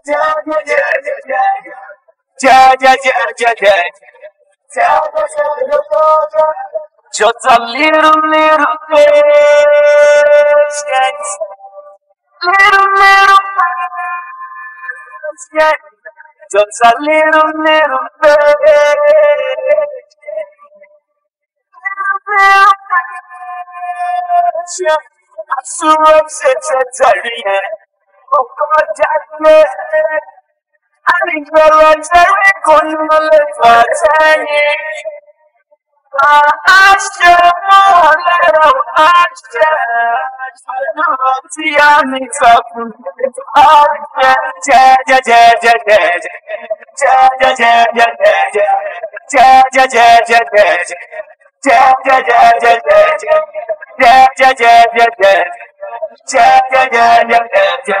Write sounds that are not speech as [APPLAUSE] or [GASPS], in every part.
Just a little, little patience. Little, little patience. Just a little, little patience. Little, little patience. I'm so upset, I'm having your very convoluted Ashta Molero Ashta Tiani Tapu Ashta Ja ja ja ja ja Ja ja ja ja ja Ja ja ja ja ja Ja ja ja ja ja Ja ja ja ja ja Ja ja ja ja ja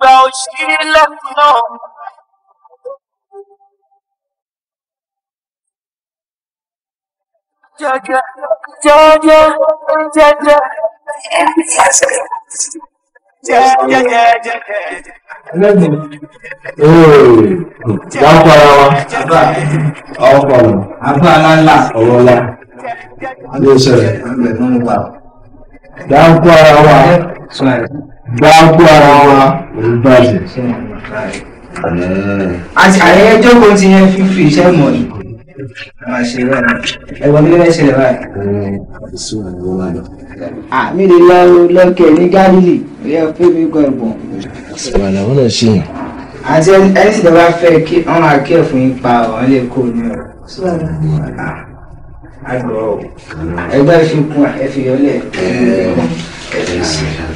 gba òṣì lẹ́nu náà. Jẹ́jẹ́ jẹ́jẹ́ jẹ́jẹ́ dákọ̀ ara wa ọkọ̀ àbá aláǹlà ọ̀rọ̀ la ló ṣẹlẹ̀ dákọ̀ ara wa gbáàgbó ara wa òun bàjẹ́. àyẹyẹ jókòó ti yẹn fífi iṣẹ́ mọ̀ ni máa ṣe bẹ́ẹ̀ ẹ̀wọ̀n ní bẹ́ẹ̀ ṣẹlẹ̀ báyìí. àmì lè lọ lọ́kẹ̀ ní gálílì ilé ọ̀pẹ́ mi gbọ́ ẹ̀bùn. ìbàdàn wọn náà ṣì yàn. àti ẹni sì dábàá fẹ́ kí wọn máa kí ẹ̀fún yín pa ọ̀hún lè kó ní ọ̀rọ̀. àgbọ̀ ẹgbẹ́ ìfikún ẹ̀fìyọ́lẹ̀ ẹ̀fìyọ́lẹ̀.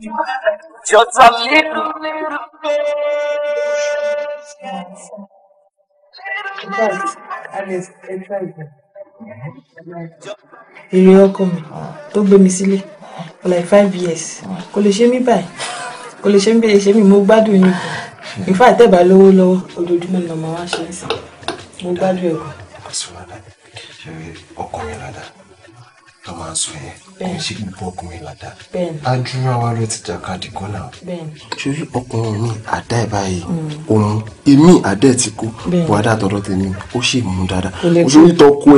Just a little, little bit. Èrè ọkọ mi tó gbé mi sílé for like five years kò lè ṣe mí báyìí kò lè ṣe mí bẹ́ẹ̀ ṣe mí mo gbádùn yín in fact tẹ́ bá lówó lọ́wọ́ ojoojúmọ́ ni màmá wa ṣe ń sìn mo gbádùn ẹ̀kọ́. ọkọ mi ládàá ló máa ń sọ yẹn ṣé gbogbo ọkùnrin làdá adúrà ló ti jàkadì kọ́là. sórí ọkùnrin mi àdá ẹ̀ báyìí òun hmm. èmi àdá ẹ̀ ti kú wàdà tọ̀dọ̀ tèmi ó ṣì mú dáadáa òṣèré tó kú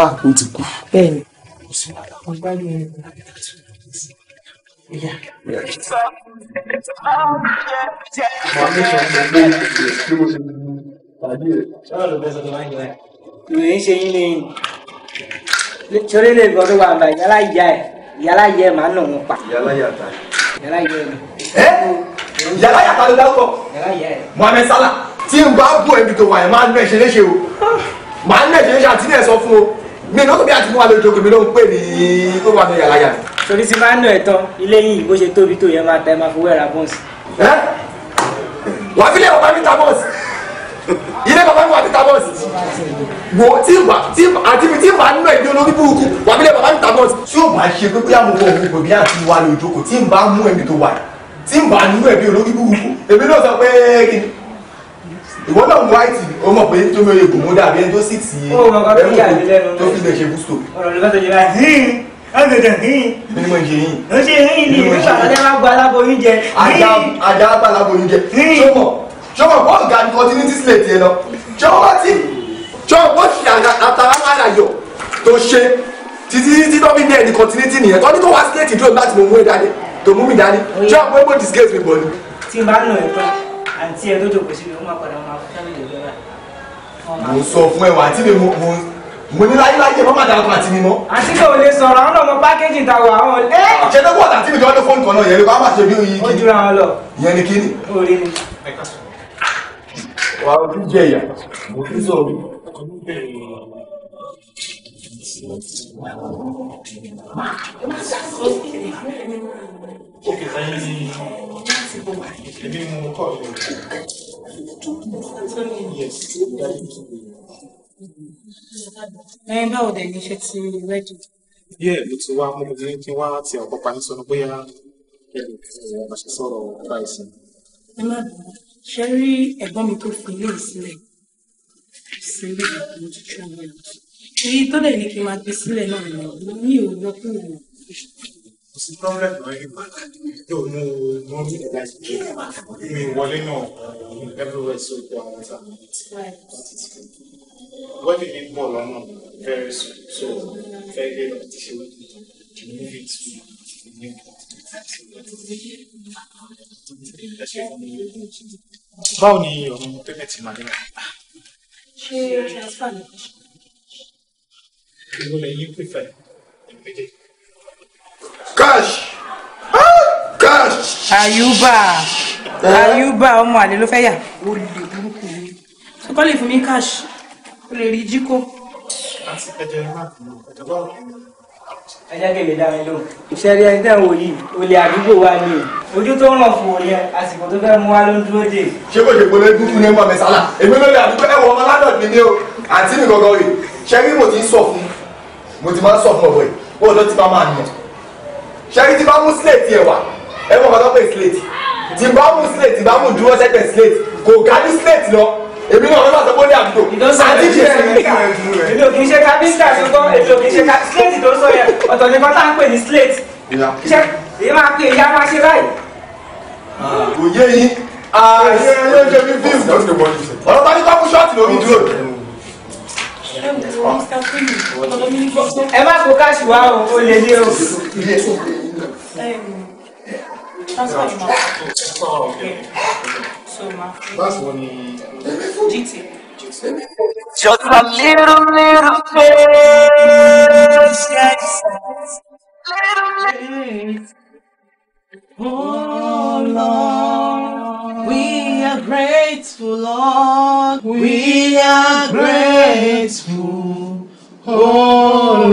á ó ti kú. bẹ́ẹ̀ni ọgbàdùn ẹ ìyá. ìròyìn ṣe yín lẹ́yìn torí lè le wà nbà yàrá ìyá ẹ̀ yàrá ìyá ẹ̀ máa ń nà wọn pa. yàrá yàtà. yàrá ìyá ẹ̀. ẹ yàrá yàtà ló dáwọ́. yàrá ìyá ẹ̀. Mohammed Salah tí n bá bọ̀ ẹ̀mí tó wà ẹ̀ máa ń nà ẹ̀ṣẹ̀ o máa ń nà ẹ̀ṣẹ̀ léṣe àti ní ẹ̀ o mi náà bí àti fún wa lórí ìjókòó mi ló ń pè ní ó wà ní yàrá yàtà. torí ti máa ń nà ẹ̀ tán ilé yìí bó ṣe tóbi tó yẹ máa ta ẹ máa fowó fi lè wọ́n bá mi ta bọ́ọ̀sì ilé baba ń wà ní tabọ́ọ̀sì wo tí wà tí àti mi tí wà nínú ẹ̀gbẹ́ olórí burúkú wà nílé baba ní tabọ́ọ̀sì. tí o bá ṣe pé bóyá mo wọ òun kò àti wà lójú kò tí n bá mú ẹ̀mí tó wà tí n bá nínú ẹ̀gbẹ́ olórí burúkú èmi náà sọ pé ìwọ náà mú àìtì o mọ̀ pé tó mi ò dàbí ẹni sì tì í ẹ̀mú tó fi lè ṣe o ṣe sọ́wọ́ bọ́ ọ̀gá ní continuity slate yẹn lọ sọ́wọ́ tí sọ́wọ́ bó ṣe àtàrà máa yọ tó ṣe títí títí tó fi ní ẹni continuity nìyẹn tó ní tó wá slate dúró láti mú mú ìdání tó mú mi dání sọ́wọ́ pé mo disgrace mi bọ̀lú. tí n bá nù ẹ̀ pa àǹtí ẹ̀ tó dògbò sí mi ó máa padà máa fún fẹ́mi lè mo sọ fún ẹ wà àti mi mo mo ní láyé láyé mọ́ màdà kan àti mi mọ́. àti kò lè sọ̀rọ̀ àwọn ọmọ pákéjì ta wà wọn lé. ṣé tó wọ́n àti mi jọ ní fóònù kan náà yẹn ló bá má ṣe bí oyin kí. ó jura wọn lọ. ìyẹn ni kí ni. oore ni. ẹ ọ̀pá ojú jẹ̀yà mo ti sọ orí. Okay, thank you. Ebi mo kọ́ ọ̀dọ̀. Yes. Ẹyin báwo dẹ̀ ní ṣe ti rẹ́dì? Yé mo ti wá mo ti kí wá ti ọ̀pọ̀ pa ní sọ́nù bóyá kẹ́lẹ̀ kí wọ́n bá ṣe sọ̀rọ̀ báyìí sí. Ẹ má bẹ̀rẹ̀ ṣe rí ẹ̀gbọ́n mi tó fi ilé ìsílẹ̀ sílẹ̀ mo ti tún ọmọ ẹ̀ èyí tó dẹ̀ ní kí n máa gbé sílẹ̀ náà ni mo ní òwúrọ̀ kó wò. kò sí problem náà yìí yóò mú mú mi ẹ̀dá mi wọlé náà everywhere so far as I wọ́n ti bọ̀ lọ́nà very soon so fẹ́ẹ́ gbé lọ ti ṣe wọ́n ti ṣe ní fìtì ní báwo ni ọ̀rọ̀ payment madina. ṣé transfer ni. ìwọ lè yí pífẹ́ cash cash. àyùbá àyùbá eh? ọmọ àlè ló fẹ́ yà ó lè burúkú mi sọkọ́ fún mi cash ó lè rí jíkó. láti ẹjẹ máa ń lò báwo ẹ jẹ́ kí èmi dá mi lóhùn. ìṣẹ̀rí ẹni tẹ́ ń wò yìí olè àdúgbò wa ni o ojú tó ń ràn fún òye àsìkò tó fẹ́ mú wa ló ń dúró dè. ṣé kò ṣe pé olè dúdú ni mọ̀mí sálà èmi ló lè àdúgbò ẹ̀wọ̀ ọmọ ládọ̀ ni mí o àǹtí mi gangan rè ṣẹ́rí mo ti ń sọ fún mo ti máa ń sọ fún ọ̀bọ̀ yìí bó o lọ ti máa máa nù ṣẹ́rí ti bá mú sílẹ̀tì ẹ̀wà ẹ̀wọ̀n kan tó pè sílẹ̀tì ti bá mú sílẹ̀tì bá mú dúró sẹ́gbẹ̀ èmi náà wọ́n bá sọ pé ó ní àdúgbò àti jẹ́ èmi ò kì í ṣe kábíńtà ṣùgbọ́n èmi ò kì í ṣe kábíńtà slate tó sọ yẹn ọ̀tọ̀ ni kọ́tà ń pè ní slate ṣe èyí máa pè ìyá máa ṣe báyìí. kò yé yín ààyè ló ń ṣe mí fíìmù ọ̀rọ̀ bá ní kọ́kú ṣọ́ọ̀tì lórí dúró. ẹ má kó káṣù wá o ó lè ní o. Transfer Just a little, little face, yes. Little, little. Oh Lord, we are grateful, Lord. We are grateful, oh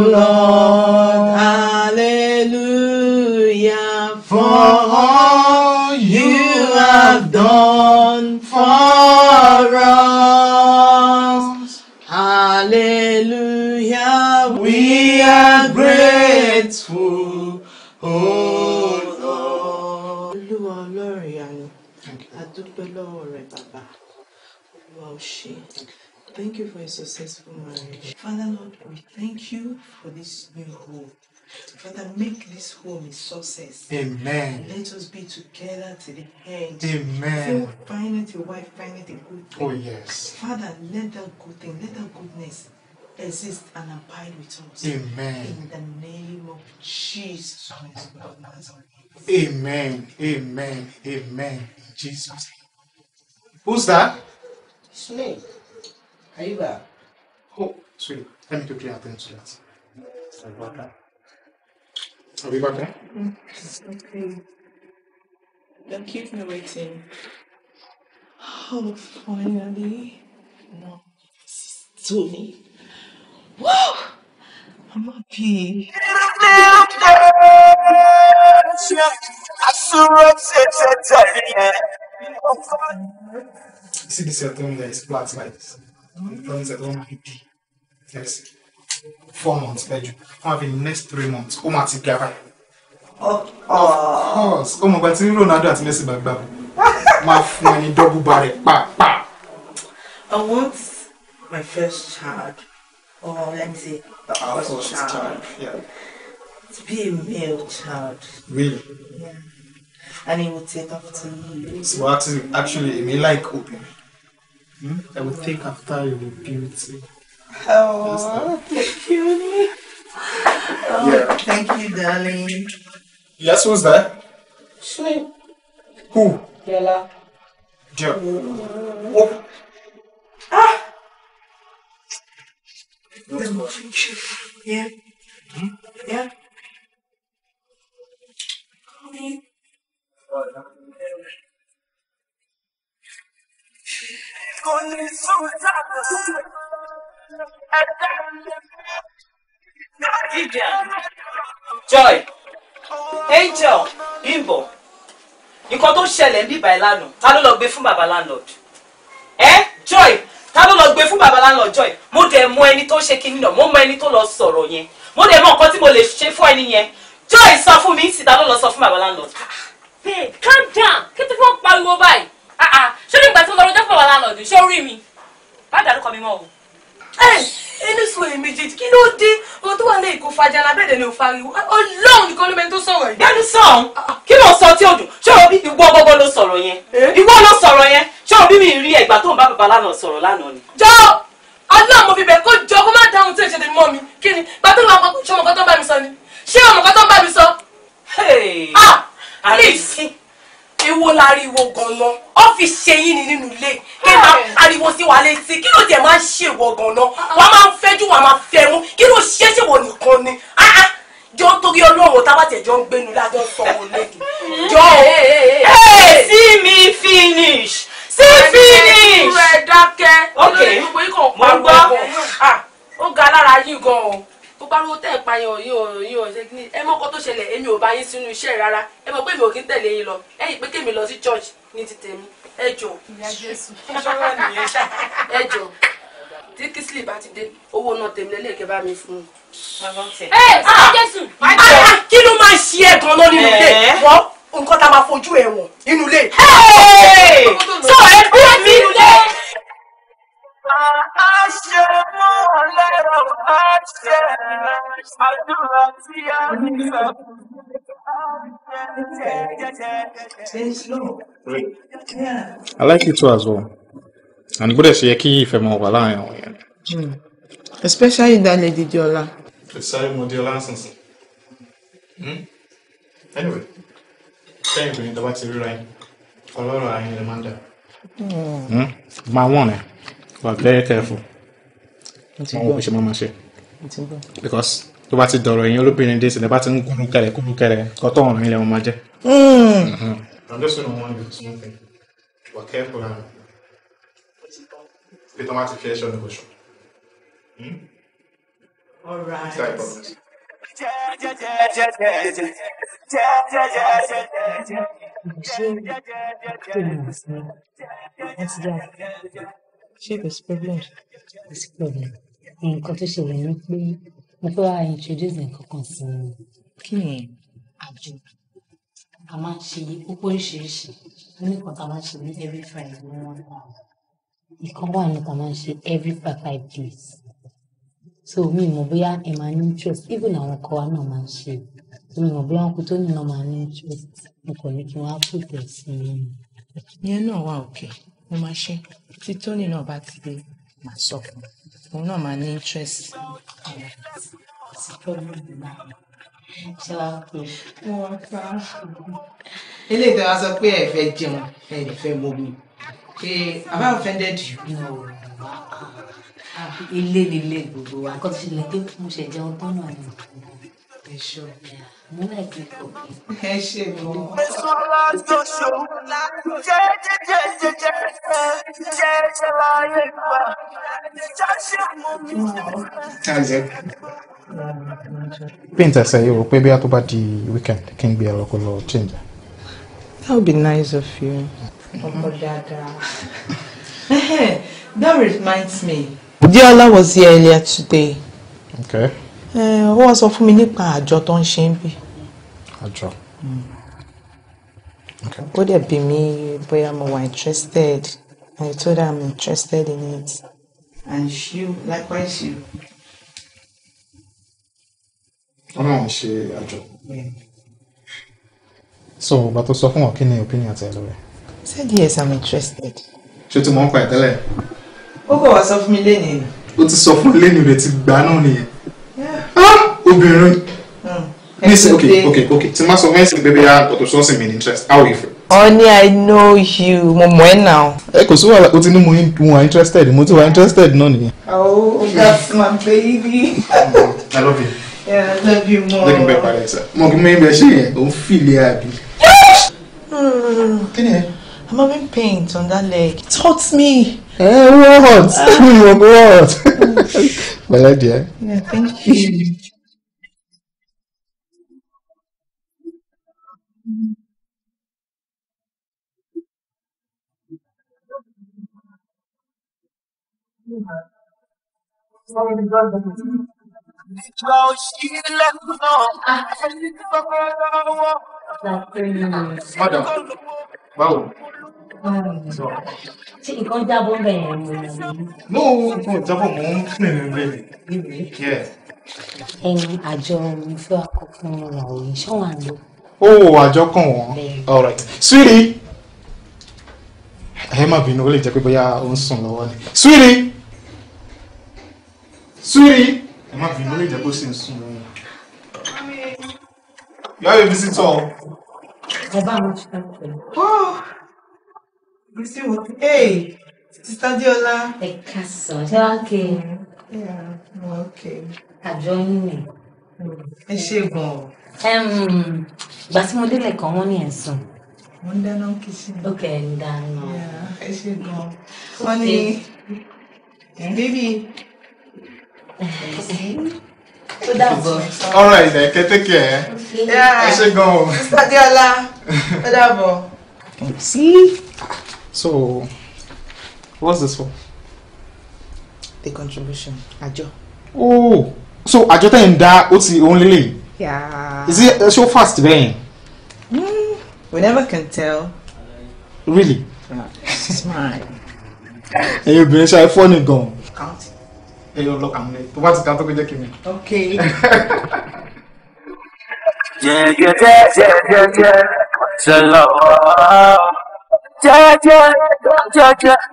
Lord. done for us. Hallelujah. We are grateful. Oh Lord. Olúwa ọlọ́run ìyanu, adúpẹ́ lọ́wọ́ rẹ bàbá, Olúwa ó Thank you for a successful marriage. Father Lord, we thank you for this new home. Father, make this home a success. Amen. Let us be together to the end. Amen. find it a wife, find it a good thing. Oh, yes. Father, let that good thing, let that goodness exist and abide with us. Amen. In the name of Jesus Christ Amen. Amen. Amen. Jesus. Who's that? It's me. Are you there? Oh, sweet. Let me quickly attend to that. Sorry about Are we back now? Okay. Don't keep me waiting. Oh, finally. No, this is Tony. Wow! I'm happy. See this at home, there is flat lights. The plants at home are happy. see four months pẹ́jù wọ́n á next three months ó máa ti ga báyìí. ó mọ̀ gba tí Ronaldo àti Messi bá gbà bọ̀ máa fún ẹni double barrel pàápàá. I want my first child or oh, let me say my first, first child, child yeah. to be a male child. Really? Yeah. And he will take after me. So actually, actually, me like open. Hmm? I will take after your beauty. Oh, thank you. Oh, yeah. thank you, darling. Yes, who's that? Sweet. Who? Della. Dear. Mm. Oh. Ah! The morning Yeah. Hmm? Yeah. Come in. Only so that Vivian, Joy, Angel, Bimbo, nǹkan tó ṣẹlẹ̀ ń bíbá ẹ lánàá, ta ló lọ gbé fún bàbá landlord? Ẹ Joy, ta ló lọ gbé fún bàbá landlord Joy? Mo dẹ̀ mọ ẹni tó ṣe kinní náà, mo mọ ẹni tó lọ sọ̀rọ̀ yẹn, mo dẹ̀ mọ nǹkan tí mo lè ṣe fún ẹni yẹn. Joy sọ fún mi, sì ta ló lọ sọ fún bàbá landlord? Babe, calm down, kí tí wọ́n pariwo báyìí? Ah, ah. Ṣé nígbà tí mo lọ rọjọ́ fún bàbá landlord, ṣé ó rí mi? Má dàrú kọ mi mọ́ o ẹni sùn èyí méjèèjì kí ló dé ohun tó wà lẹ́yìn kó fajà lábẹ́ẹ̀dẹ̀ ni ò fariwo ọlọ́run nìkan ló mẹ́ni tó sọ̀rọ̀ yìí. gbẹ́nu sàn ah, ah, ah. kí ló sọ tí o dùn ṣé o bí ìwọ gbọ́gbọ́ ló sọ̀rọ̀ yẹn ìwọ ló sọ̀rọ̀ yẹn ṣé o bí mi rí ẹ̀gbà tó ń bá bàbá lánàá sọ̀rọ̀ lánàá ni. jọ ọlọ́run mo fi bẹ̀ kó jọ kó má dáhùn tí èṣe tèmi mọ́ mi kí ni gbàtọ́ èwo láriwo gan-an ó fi ṣe ni nínú ilé kí n máa ariwo sí wa létí kí ló dé máa ń ṣèwọ gan-an wàá máa ń fẹ́jú wàá máa fẹ́ mú kí ló ṣe ṣèwọ nìkan ni ah, ah. jọ torí ọlọ́run tá bá tẹ̀ jọ ń gbénu lájọ sọ wọn lójú jọ o. see me finish see finish. ẹ dákẹ́ ok mo gbọ́ ah, ó ga lára yín gan-an gbogbo ariwo tẹ́ ẹ̀ pa yín òyìn òyìn òyìn ṣẹ́gi ẹ mọ ọkọ tó ṣẹlẹ̀ èmi ò bá yín sínú iṣẹ́ rárá ẹ mọ̀ pé mi ò kí ń tẹ̀lé yín lọ ẹ̀yìn pé kémi lọ sí church ní ti tèmi ẹ jọ ẹ jọ tí Kisili bá ti dé owó náà tèmi lẹ́lẹ́kẹ́ bá mi fún un. ẹ sọ Jésù. Ah! kí ló máa ṣe ẹ gan lọ nínú ilé wọ́n nǹkan tá a máa fojú ẹ̀ wọ̀n nínú ilé. sọ ẹ bí ẹ ti ń lé. I like it too as well. And good ṣe yẹ kí ìfẹ́ mọ wà láàrin àwọn yẹn. Especially that lady Diola. Especially mo Diola sísìn. Anyway, kẹ́yìn obìnrin tó bá ti ríra yín, ọlọ́run ààyè lè máa ń dà. Máa we very careful wọn ò fi ṣe mọ́ máa ṣe because tó bá ti dọ̀rọ̀ ẹ̀yin olóbìnrin dé sílẹ̀ bá ti ń kúrú kẹrẹ kúrú kẹrẹ kọ́tọ̀ ọ̀ràn ilẹ̀ wọn máa jẹ́. I'm just gonna warn you something we are careful now peter martin fi ẹṣọ ní oṣù. All right. Ṣé tèmi ò sí? Wọ́n ti dá ṣé kò sí problem kò sí problem nǹkan tó ṣẹlẹ̀ ni pé mo fẹ́ wá introduce nǹkan kan sí i kí ni àjò a máa ń ṣe púpọ̀ oríṣiríṣi nǹkan tá a máa ń ṣe ní every friday ní one hour nǹkan wà ní tá a máa ń ṣe every five five days so mi mọ̀ bóyá ẹ máa ní interest even àwọn ọkọ wa náà máa ń ṣe mi mọ̀ bóyá ọkọ tó ní náà máa ní interest mo kàn ní kí wọ́n á put ẹ̀ sí i. ìyẹn náà wà òkè mo máa ṣe é tí Tony náà bá ti dé màá sọ fún un òun náà máa ní interest. ilé ìtàn wa sọ pé ẹ fẹ́ jẹun ẹ fẹ́ mọbi I àbá offended you. Ah, ilé nílé gbogbo wa kọ́ ti ṣe lè dé mo ṣe jẹun tán náà ni. Bishop, mo náà di kòkí. Ẹ ṣe mọ́. Bísọ́lá yóò ṣòwò jẹ́jẹ́jẹ́jẹ́jẹ́ jẹ́jẹ́ láyé gbà. Jáṣe mú mi. Paint ẹsẹ̀ yìí rò pé bí a tó bá di weekend kí n gbé ẹ̀rọ kó lọ change. That would be nice of you. Ọkọ dáadáa. That reminds me. Diola was here earlier today. Okay ó eh, wá sọ fún mi nípa àjọ tó ń ṣe ń bì. àjọ. Hmm. ó dẹ̀ bí mi bóyá mo wà interested I told her I'm interested in it and she likewise you. wọ́n náà ń ṣe àjọ. so ìgbà tó sọ fún wọn kí ni opinion tẹ lórí. said yes I'm interested. ṣé o ti mọ̀ ń pa ẹ̀ tẹ́lẹ̀. ó kọ̀ wá sọ fún mi lẹ́nu. ó ti sọ fún lẹ́nu rẹ̀ ti gbà náà nìyẹn. Ah! obìnrin hmm. nísìn ok ok ok tí n bá sọ wẹ́nsì bẹ́ẹ̀ bí a ọ̀tọ̀ sọ́ọ̀sì mi ní interest how if. honey i know you mo mọ̀ ẹ́ nà. ẹ kò sí wàhálà o ti ní mo wà interested mo ti wà interested náà nìyẹn. Oh, oh that's my baby. i love you. yeah i love you more. lẹ́yìn bẹ́ẹ̀ parí ẹ̀sà mo kì í ṣe yẹn òun fìlẹ̀ àbí. kí ni ẹ. i'm having pain on that leg it hurts me. Eh, what? Uh, [LAUGHS] what? [LAUGHS] My lady, eh? Yeah, thank you. Madam, Wow. Ṣé nǹkan jábọ́ mo ní? No, Ẹyin àjọ ìfẹ́ àkọ́kọ́ ìràwọ̀ yìí ṣé wà lọ? Ó oh, àjọ kàn wọ́n. Sweetie! Ẹ má bínú, ó lè jẹ́ pé bóyá ó ń sùn lọ́wọ́ ni. Sweetie! Sweetie! Ẹ má bínú, ó lè jẹ́ pé ó sì ń sùn lọ́wọ́. You have a visitor. Ọba mo ti ká pẹ̀lú. Oh greeting was, hey, Sister Diola. Ẹ káàsán, ṣé wàá ké? Wọ́n ké. Àjọ yín ni. Ẹ mm. ṣe gan-an. Ìgbà tí mo délẹ̀ kan, wọ́n ní ẹ̀ sùn. Mo ń dáná kìsìn. Eh? Eh, eh. Ó kẹ̀ ń dáná. Ẹ ṣe gan-an. Yeah. I should go. Sister Diola. Ó dàbọ̀. See? So, what's this for? The contribution. Àjọ. Oh, so àjọ tẹ̀ that what's the only òun Yeah. Is it so fast bẹ́yìn? Mm, we never can tell. Really? Yeah. [LAUGHS] Smile. Ẹ̀yin obìnrin shy for gan-an. Count. Hey, ọlọ́kà look, I'm late. What's ká tó kó jẹ́ kí mi. Okay. Jẹ́gẹ́dẹ́ jẹ́gẹ́dẹ́ ṣe lọ́wọ́. Georgia, Georgia,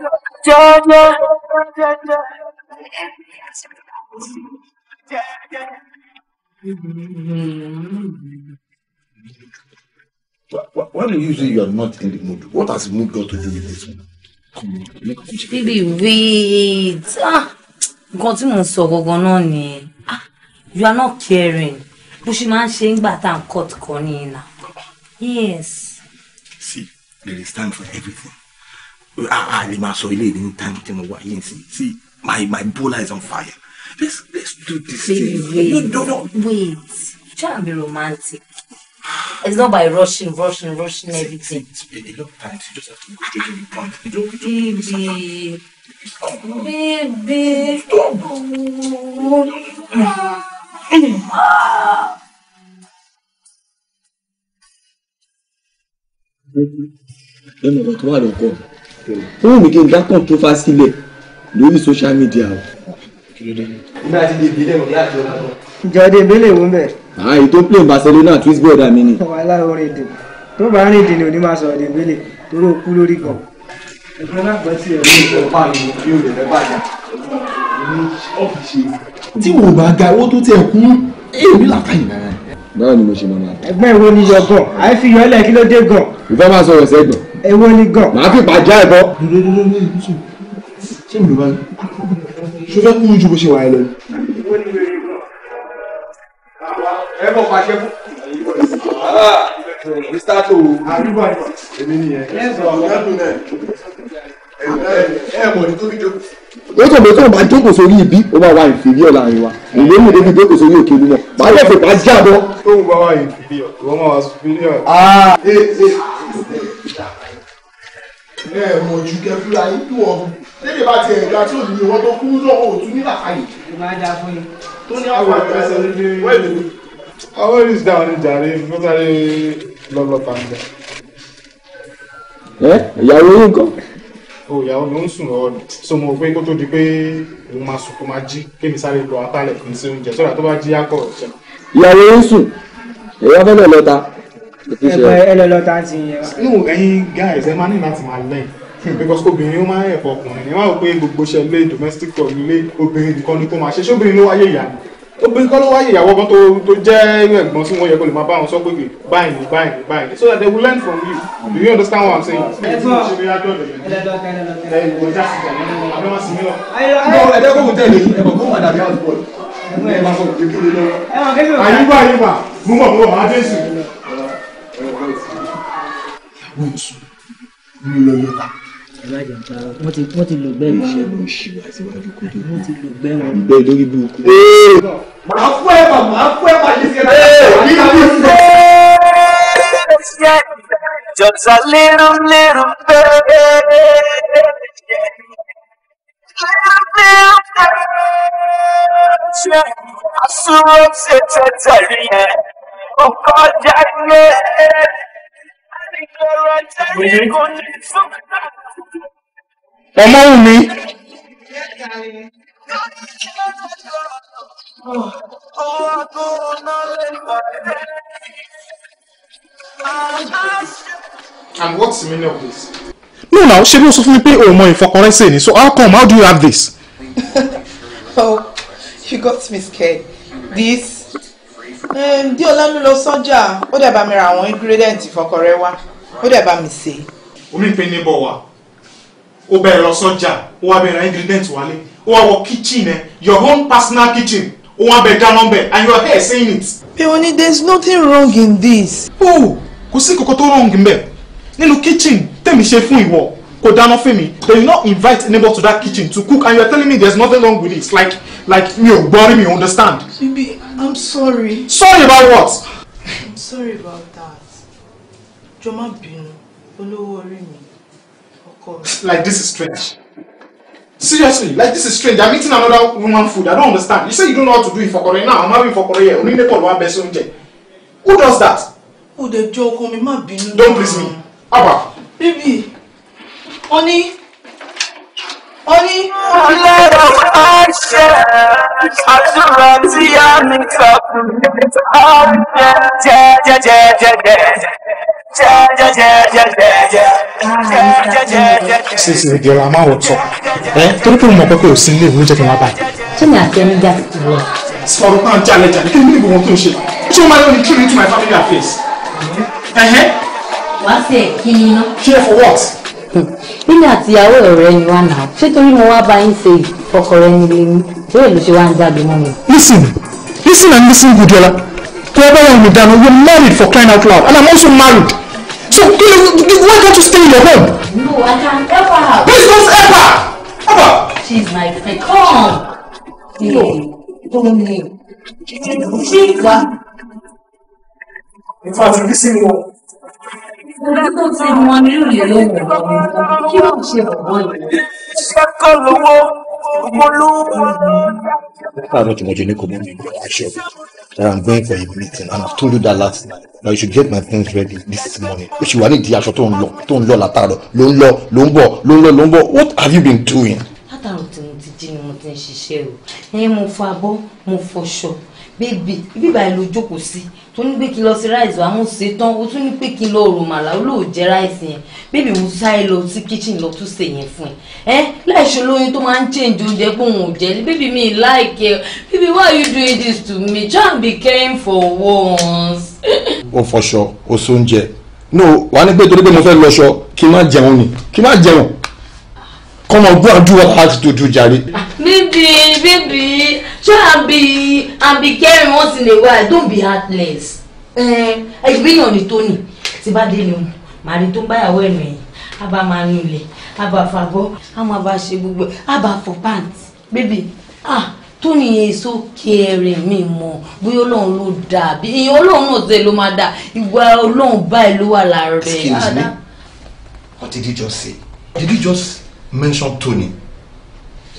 When you you are not in the mood, what has mood got to do with this one? Baby, wait. Ah, nǹkan tí mò ń sọ gangan ah, you are not caring. Bó ṣe máa ń ṣe cut kan ní Yes there is time for everything Ah, lè máa sọ ilé ìdí time tí mo wà yìí sí see my my bowler is on fire let's let's do this wait, thing wait, no no no wait you try and be romantic it's not by rushing rushing rushing see, everything see, a lot of times you just have to go straight to the point you don't, you don't baby baby stop. Thank ah. you. Mm lọ́nà ọ̀rọ̀ tó wà lọ́kọ̀ mi ó wù mí kí n dá kọ̀ǹtrófà sílẹ̀ lórí social media o. nígbà tí dèbí lè wọlé àjọ làwọn. ìjọ dèbí lè wọ́n bẹ̀. àwọn èyí tó Barcelona twist brother mi ni. wàhálà orin dùn tó bá rìn dìní òní máa sọ̀rọ̀ dèbí lè torí ó kú lórí gan. ẹgbẹ́ náà gbọ́ sí ẹ̀rọ ìjọba mi yóò lè rẹ́ bàjẹ́ tí mo bá ga owó tó tẹ̀ kún èmi làkàyè náà. báwo ni mo ṣe máa máa. ẹgbẹ́ ìwo ni yọ gan àìfi yọ ẹ lẹ́kí ló dé gan. ìfẹ́ máa sọ̀rọ̀ sẹ́gbọ̀n ẹwọ ni gan. màá fìpá já ẹ bọ. ṣé mi ló bá ṣe fẹ́ kú ju bó ṣe wà ẹ ẹ bọ̀ pàṣẹ fún. Mr. tó àdúgbò èmi nìyẹn. ẹ mọ̀ ní tóbi jókòó. lótò lótò máa jókòó sórí ibi ó máa wá ìfìdíọ̀ láàrin wa ìwé mi débi jókòó sórí òkè nínú máa lè fipá jábọ́. tóun bá wá ìfìdíọ̀ ìwọ máa wá superior ẹ mọ̀ ju kẹfúra yín tó ọ̀bù lédè bá tiẹ̀ ga tí òdìbò wọn tó kú lọ́wọ́ òtún nígbà káyè. ó máa dáa fún yín. tó ní àwọn àgbà ẹsẹ̀ lóde wẹ́ẹ̀lì. àwọn ẹni sì dáhùn ní jàre fúnṣáré lọ́lọ́ pàǹdà. ẹ ìyàwó yín kọ́. o ìyàwó mi ń sùn lọ́wọ́ ni so mo pé kó tó di pé mo máa sùn kó máa jí kémi sáré lọ atálẹ̀ kì í ṣe oúnjẹ sọ́dà tó bá jí á kọ̀ ọ̀ṣẹ́ ẹgbẹ́ ẹlẹ́lọ́ta ti yẹn. inú ẹ̀yin guys ẹ máa ní láti máa lẹ́yìn [LAUGHS] because obìnrin ó máa ń ẹ̀kọ́ ọkùnrin ẹ máa wò pé gbogbo iṣẹ́ ilé domestic work ilé obìnrin nìkan ni kó máa ṣe ṣóbìnrin ló wáyé ìyá obìnrin kan ló wáyé ìyàwó kan tó jẹ́ ẹ̀gbọ́n tí wọ́n yẹ kó lè máa bá wọn sọ pé báyìí ni báyìí ni báyìí so that they will learn from you do you understand what i'm saying. ẹ̀fọ́ ẹ̀dẹ́gbọ̀n tẹ̀lé ẹ̀kọ́ kó wọn dàbí house boy ẹ̀wọ̀n kẹ́sì ọ̀gá àyíbá àyíbá mú mọ̀ mú mọ̀ adé sùn wọn ò sùn ní ilé yẹn ká. wọ́n ti wọ́n ti lò gbẹ́ mi. iṣẹ́ ló ń ṣe wá síwájú kó tó wọ́n ti lò gbẹ́ wọn. bẹ́ẹ̀ lórí bí okun. màá fún ẹ màá màá fún ẹ màá ṣe ṣe náà. ní ibi ìṣe. Just a little, little bit. Asúrò ṣe tẹ̀tẹ̀ rí ẹ̀, ó kọjá yẹ ọmọ wù mí. And what's the meaning of this? No, now, ṣe bí o sọ fún mi pé o mọ ìfọkànrẹ́sẹ̀ ni, so how come, how do you have this? [LAUGHS] oh, you got me scared. This. Um, Diola mi lọ sọ́jà, ó dẹ̀ bá mi ra àwọn ingredient ìfọkànrẹ́ wá ó dẹ̀ bá mi ṣe. omi pe ní bọ̀ wá ó bẹ̀rẹ̀ lọ sọ́jà ó wá bẹ̀rẹ̀ ingredient wálé ó wá wọ kitchen ẹ your own personal kitchen ó wá bẹ̀ dáná bẹ̀ and you are there saying it. peoni there is nothing wrong in this. o kò sí kòkó tó wrong ń nínú kitchen tèmi ṣe fún ìwọ kò dáná fún mi then you no invite neighbor to that kitchen to cook and you are telling me there is nothing wrong with it like like mi ò gbọ́ mi understand. baby i'm sorry. sorry about what. i'm sorry about jọ má bínú olówó mi ọkọ mi. like this is strange seriously like this is strange i'm eating another woman food i don't understand you say you don't know how to do ifokore now i'm having ifokore here onílé pọ̀ ló wá bẹ who does that. o de jọ ọkọ mi má don't please me abba. baby honey. Oni ọlọ́rọ̀ àṣẹ àdúrà tí a mi kà fún mi. Ọ̀jẹ̀ jẹ́jẹ́jẹ́jẹ́ sì sì ìjọra máa wọ̀ tọ̀ ẹ torí pé mo mọ̀ pé kò sí ilé ìwé jẹ́ kí n wá báyìí. kí ni àtẹnu já ti wọ. sọ̀rọ̀ náà jalè jalè kí ni bí ìbọn tó ń ṣe ṣé o máa yọ ní kí ni to my family affairs. wá sí ẹ̀ kí ni iná. ṣé for what. nínú àtìyàwó ọ̀rẹ́ ni wà náà ṣé torí mo wá bá yín ṣe ọkọ rẹ nílé mi bẹ́ẹ̀ ló ṣe wá ń jáde mọ́ mi. listen listen and listen Budeola whoever wan be down we married for crying out loud and i'm also married. So, why can't you stay in your home? No, I can't help her. Please don't help her! Help her! She's my friend. Come! No, don't leave. Don't my In fact, you listen more. Olùkọ́ ti mọ nínú ìlú ìwọ̀n kí wọ́n ṣe ọ̀gbọ́n yìí. Ṣé kọ́ lówó? That's not imagine that I'm going for a meeting, and I've told you that last night. Now you should get my things ready this morning. Ó ṣì wà nídìí aṣọ tó ń lọ tó ń lọ látàárọ̀ ló ń lọ ló ń bọ̀ ló ń lọ ló ń bọ̀ what have you been doing? látàárọ̀ tí mo ti jí ni mo ti ń ṣiṣẹ́ o ẹ̀yin mo fọ abọ́ mo fọṣọ bébì ibi ìbàyẹ̀ ló jókòó sí tó ní pé kí lọ sí ráìsì wa mo ṣe tán o tún ní pé kí lọ rò màlá ó lóò jẹ ráìsì yẹn bébì mo sáré lọ sí kíchìn lọ tún ṣe yẹn fún ẹ ẹ láìṣe olóyún tó máa ń change oúnjẹ pé òun ò jẹ bébì mi like ẹ bébì why you doing this to me try and be caring for once. o fọṣọ o sóúnjẹ no wàá ní pé torí pé mo fẹ́ lọṣọ kí n má jẹun ni kí n má jẹun kọ́mọ gbọ́ àdúrà láti tó dùn jàre. bébì bébì try and be and be caring once in a while don't be heartless ẹgbẹ́yàn ni tó nì tí bá dé ni màrí tó ń báyàwó ẹ̀ nìyí a bá máa nu ilẹ̀ a bá fàbọ́ a máa bá ṣe gbogbo a bá fọ pant bébì ah tó nìyẹn èso kẹrẹ mi mọ bóyá ọlọ́run ló dà bí ìyẹn ọlọ́run náà tẹ ló máa dà ìwà ọlọ́run báyìí ló wà lára rẹ̀. excuse me what did you just say did you just mention Tony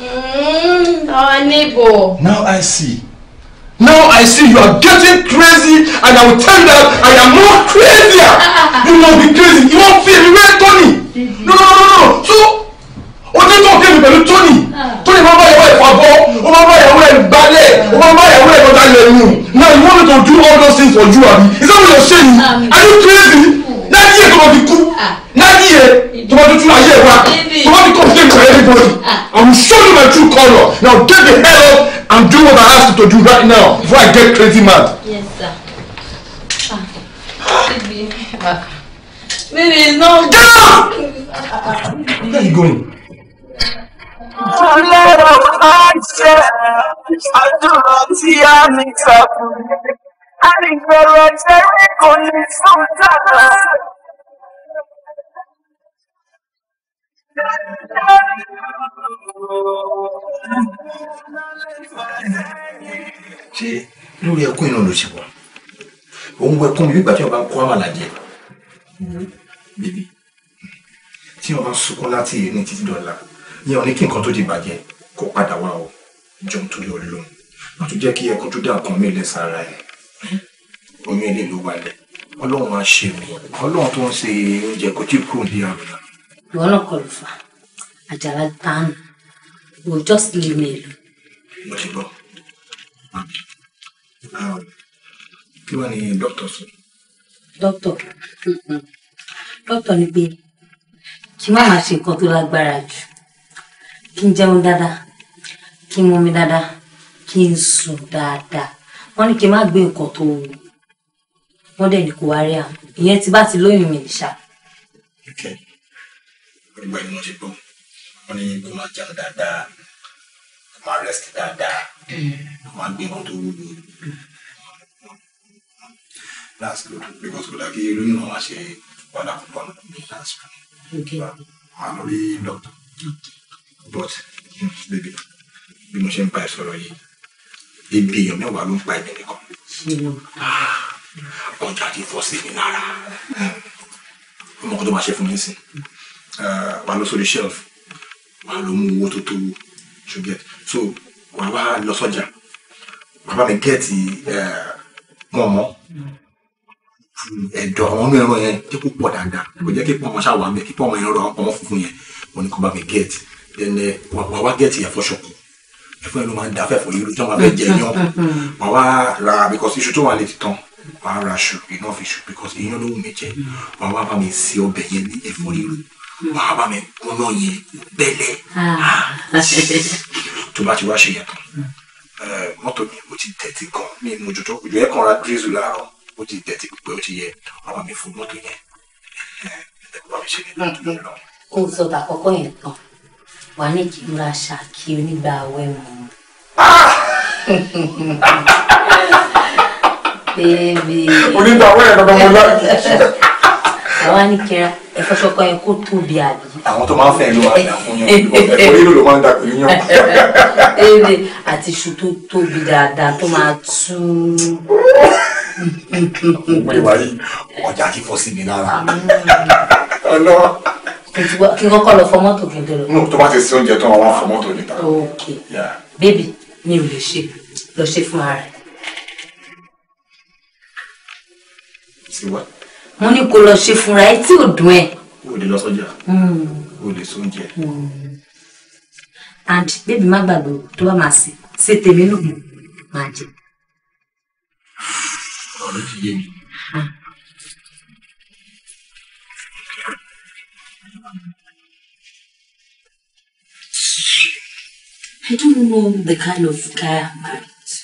Mm, our neighbor. Now I see. Now I see you are getting crazy and I will tell you that I am not crazy. [LAUGHS] you won't be crazy. You won't feel you were Tony. Mm-hmm. No, no, no, no. So, what ojú tó kéwì pẹ̀lú Tony. Ah. Tony máa bá ìyàwó ẹ̀ fàbọ́, ó máa bá ìyàwó ẹ̀ balẹ̀, ó ah. máa bá ìyàwó ẹ̀ lọ́dà lẹ́nu. Now you want me to do all those things for you abi? Is that what you're saying? Ah. Are you crazy? Láyé tó bá ti kú, láyé tó to ti tún ayé wa, tó bá ti kọ̀ fún everybody. Now get the hell up and do what I ask you to do right now before I get crazy mad. Yes, sir. Ah. [LAUGHS] Baby. Baby, no. Get up! Where are you going? Tolero ṣé lórí ẹkún inú ló ṣe wọ òun wọ ẹkún mi nígbà tí wọn bá ń kó àmàlà jẹ bíbí tí wọn bá ń sunkún láti ní títí dọ̀la yẹn ò ní kí nǹkan tó ti bàjẹ́ kó padà wá o jọ nítorí Ọlọ́run wọn tún jẹ́ kí ẹkún tó dá nǹkan mi lẹ́sà ara ẹ̀ oyún ilé ló wálẹ̀ Ọlọ́run á ṣe mí Ọlọ́run tó ń ṣe oúnjẹ kó tí kúrò ní àbúrò ìwọ náà kọ ló fà àjàlá tánù we just leave me alone. mo ti bọ um, kí wàá ní dókítà sọ. dókítà dókítà ni pé kí má máa ṣe nǹkan tó lágbára jù kí n jẹun dáadáa kí n mumi dáadáa kí n sùn dáadáa wọ́n ní kí n má gbé nǹkan tó wù wọ́n dẹ̀ ní kó wá rí àwọn ìyẹn tí bá ti lóyún mi nìṣá. Okay nígbà yìí ni wọ́n ṣe gbọ́ wọ́n ní kó máa jẹun dáadáa kó máa rest dáadáa kó máa gbé ìbọn tó rúgbó. that's good because kò dákí lóyún náà wá ṣe wàhálà púpọ̀ that's good. lọ rí doctor but baby bí mo ṣe ń pa ẹ sọ̀rọ̀ yìí ebi èèyàn mẹ́wàá ló ń pa ẹ̀mí nìkan mm. ah, ọjà ti fọ́ sí mi lára ọmọkùnrin tó máa ṣe fún mi sí i. Eh, wà lọ sórí shelf wà lọ mú owó tó tó to get so wà wá lọ sọjà wà bá mi gẹ́ẹ̀tì mọ̀mọ́ eh, ẹ̀dọ̀ àwọn ọmọ ẹ̀rọ yẹn jẹ́ kó pọ̀ dáadáa kò jẹ́ kí pọ́nmọ́ ṣáà wà mẹ́ kí pọ́nmọ́ ẹ̀rọ ọmọ funfun yẹn wọ́n ní kó bá mi gẹ́ẹ̀tì then eh, wà wá gẹ́ẹ̀tì ẹ̀fọ́ ṣọ̀kù ẹ̀fọ́ yẹn ló máa ń da fẹ́fọ́ yìí tó máa fẹ́ jẹ iyán wà wá ra because iṣu tó wà létí tán wà á ra ṣù enough iṣu because iyán ló wù mí jẹ wà wá bá mi sí ọbẹ̀ yẹn wàá bá mi kúnná yẹn tó bá ti wá ṣe yẹn eh, tán mi ó ti tẹ̀tí kan ní mojútó ìjọ yẹn kan ra gírísù ó ti tẹ̀tí pé ó ti yẹ wàá mi fún mọ́tò yẹn eh, ẹ̀ẹ́dẹ́gbẹ́ mi ṣe ní ìdílé lọ. kó o sọ bàkọ́kọ́ yẹn tán wà ní ìjìbúra ṣáàkì onígbà awẹ́ mọ́. Ah! [LAUGHS] onígbà awẹ́ rẹ̀ lọ́dọ̀ mo àwa ní kẹra ẹ fọṣọ pa ẹ kó tóbi àbí. àwọn tó máa ń fẹ́ ló máa dà fún yín ẹ̀kọ́ lílo ló máa ń dà pẹ̀lú yín. èrè àti iṣu tó tóbi dáadáa tó máa tú. ọgbọ́n ìwà yìí ọjà ti fọ́ sí mi lára. ọlọ́wọ́. kí n kọ́kọ́ lọ fọ mọ́tò kí n tó lọ. nù tó bá ti ṣe oúnjẹ tó wọn wá fọ mọ́tò níta. ok baby mi ò lè ṣe lọ ṣe fún ara rẹ. sí wa mo ní kó lọ ṣe fúnra ẹ tí ò dùn ẹ. o lè lọ sọ́jà hmm. o lè sóúnjẹ. Hmm. and bébì má gbàgbé tó bá máa sè ṣe tèmi lùgbò máa jẹ. ọ̀rọ̀ ti yé mi. Ah. I don't know the kind of guy I'm married to.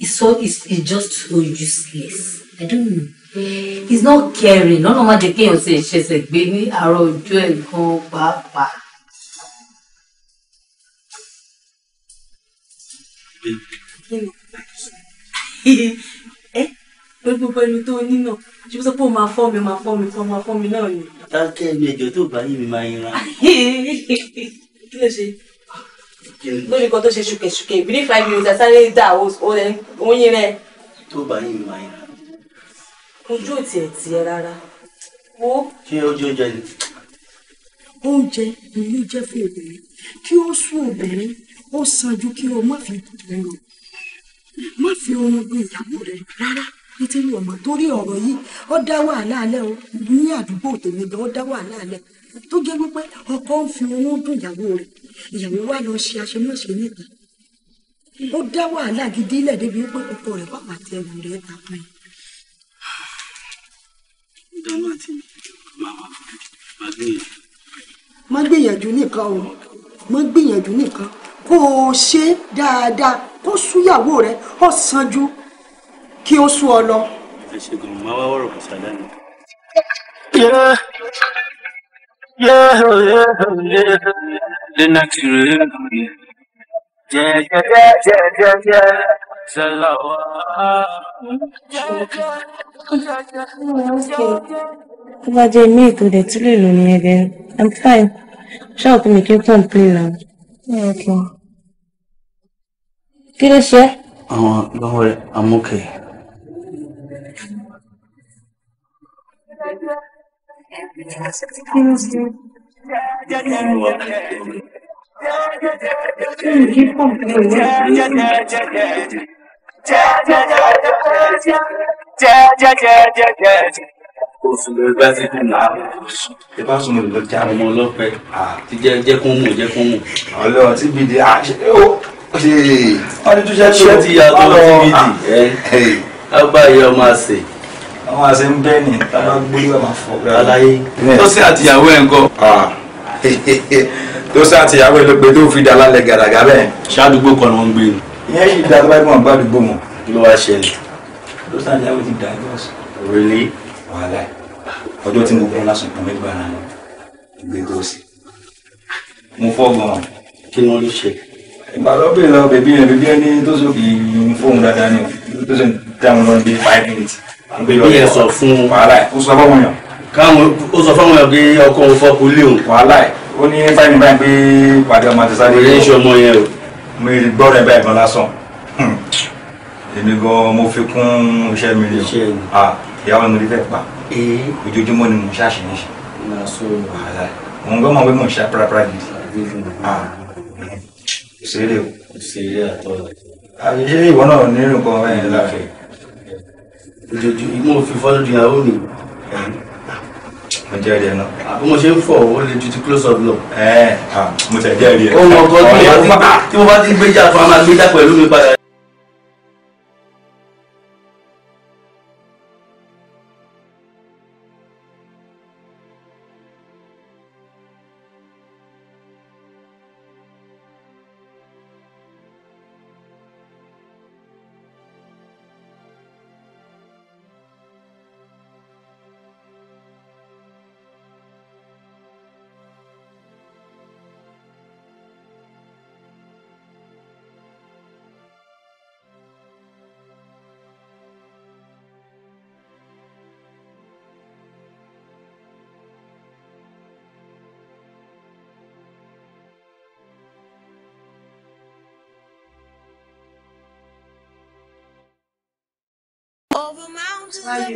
It's, all, it's, it's just so useless. I don't know it's not caring lọ́nà má jẹ́ kéèyàn ṣe ìṣẹ̀ṣẹ̀ gbé ní àárọ̀ ojú ẹ̀ gan pàápàá. ẹ [LAUGHS] eh? gbogbo ẹnu tó ní náà ṣe sọ pé ó máa fọ́ mi máa fọ́ mi kọ́ máa fọ́ mi náà ni. dákẹ́ ẹnu ẹ̀jọ̀ tó bá yí mi máa yanra. [LAUGHS] kí ló ṣe lórí kan tó ṣe ṣùkẹ̀ṣùkẹ̀ ìbílẹ̀ five minutes àsáré dà ó yẹn rẹ̀. tó bá yí mi máa yanra ojú ò tiẹ̀ tiẹ̀ rárá. wo. ṣé ojú oúnjẹ ni. oúnjẹ ni yóò jẹ́ fún obìnrin kí ó sún obìnrin ó san ju kí o má fi oorun má fi oorun gbé ìyàwó rẹ rárá nítorí ọmọ torí ọ̀rọ̀ yìí ó dá wàhálà alẹ́ o ní àdúgbò tèmi gan ó dá wàhálà alẹ́ tó jẹ́ wípé ọkọ ń fi owó dùn ìyàwó rẹ̀ ìyàwó wa lọ ṣe aṣemáṣe níta ó dá wàhálà gidi ilẹ̀ débi wípé ọkọ rẹ̀ pàpà tẹ ẹrù rẹ̀ tàpá yìí má gbìyànjú nìkan o má gbìyànjú nìkan kó o ṣe dáadáa kó súyàwó rẹ ó sàn kí ó sú ọ lọ. ẹ ṣe gan máa wá wọ̀rọ̀ kò sálẹ̀ ni. Yeah, yeah, oh yeah, oh yeah. Then I can remember you. Yeah, yeah, yeah, yeah, yeah, yeah tó bá jẹ́ ní ètò ìdẹ̀ tí lè lò nìyẹn i'm fine ṣáà òkú mi kí n complain now. kí ló ṣe. àwọn lọ́wọ́ rẹ̀ i'm okay. Thank you kò sùn lórí gbásíkù náà tí bá sùn lórí gbàtí àwọn ọlọpẹ àti jẹ kún mú jẹ kún mú. ọlọ tí bìdì àṣẹ ó ṣe ọdún tó ṣe tó ṣe ti yàtọ̀ tí bìdì ẹ bá yẹ ọmọ àṣẹ. ọmọ àṣẹ ń bẹ́ ni bàbá gbólú ẹ̀ máa fọ. aláyé tó ṣe àtìyàwó ẹ̀ ń kọ́. tó ṣe àtìyàwó ẹ̀ ló pe tó fi dà lálẹ́ gàràgà bẹ́ẹ̀. ṣáàdúgbò kan ni wọ́n ń gbé ni ìyẹn yìí dá gbádùn àgbàdùgbò mọ kí ló wá ṣẹlẹ̀. ló sàn jáwé ti divorce. òrèlé wàhálà ọjọ́ tí mo gbọ́ lásán kan mẹ́gbàá náà ni gbẹ̀gbọ́ sí. mo fọ́ gan-an kí ni wọ́n ló ṣe. ìgbà lọ bèbí yẹn bèbí yẹn ní tó sókè yìí fóun dáadáa ni o tó sókè dáhùn lọ bí five minutes. bèbí yẹn sọ fún wàhálà ẹ̀ ó sọ fọ́ọ̀mù yàn. káwọn ó sọ fọ́ọ̀mù yàn pé ọkọ òun fọ́ kulé òun. wàhálà ẹ̀ ó ní báyìí báyìí pé pàdé ọmọ àti sáré mo rí gbọ́rọ̀ ẹ̀ báyìí gan lásán hmm. èmi gan mo fi kún iṣẹ́ mi rí o ah, ìyàwó mi rí bẹ́ẹ̀ pa ojoojúmọ́ ni mo ṣáṣe ní ṣe òun gan mọ̀ pé mo ah. ṣe apárapárá gidi ṣeré o ṣeré àtọ́ àbí ṣé ìwọ náà ní nǹkan bẹ́ẹ̀ láfẹ̀ẹ́ ojoojúmọ́ fi fọ́lọ́dún ìyàwó mi mo jẹ́ rí ẹ náà. àbí ah, mo ṣe ń fọ̀ ó lè ju ti close up lọ. ẹ eh, ẹ ah, mo tẹ̀ jẹ́ rí ẹ. ó mọ ọkọ tí mo bá ti gbéjà fún wa máa gbéjà pẹ̀lú mi padà.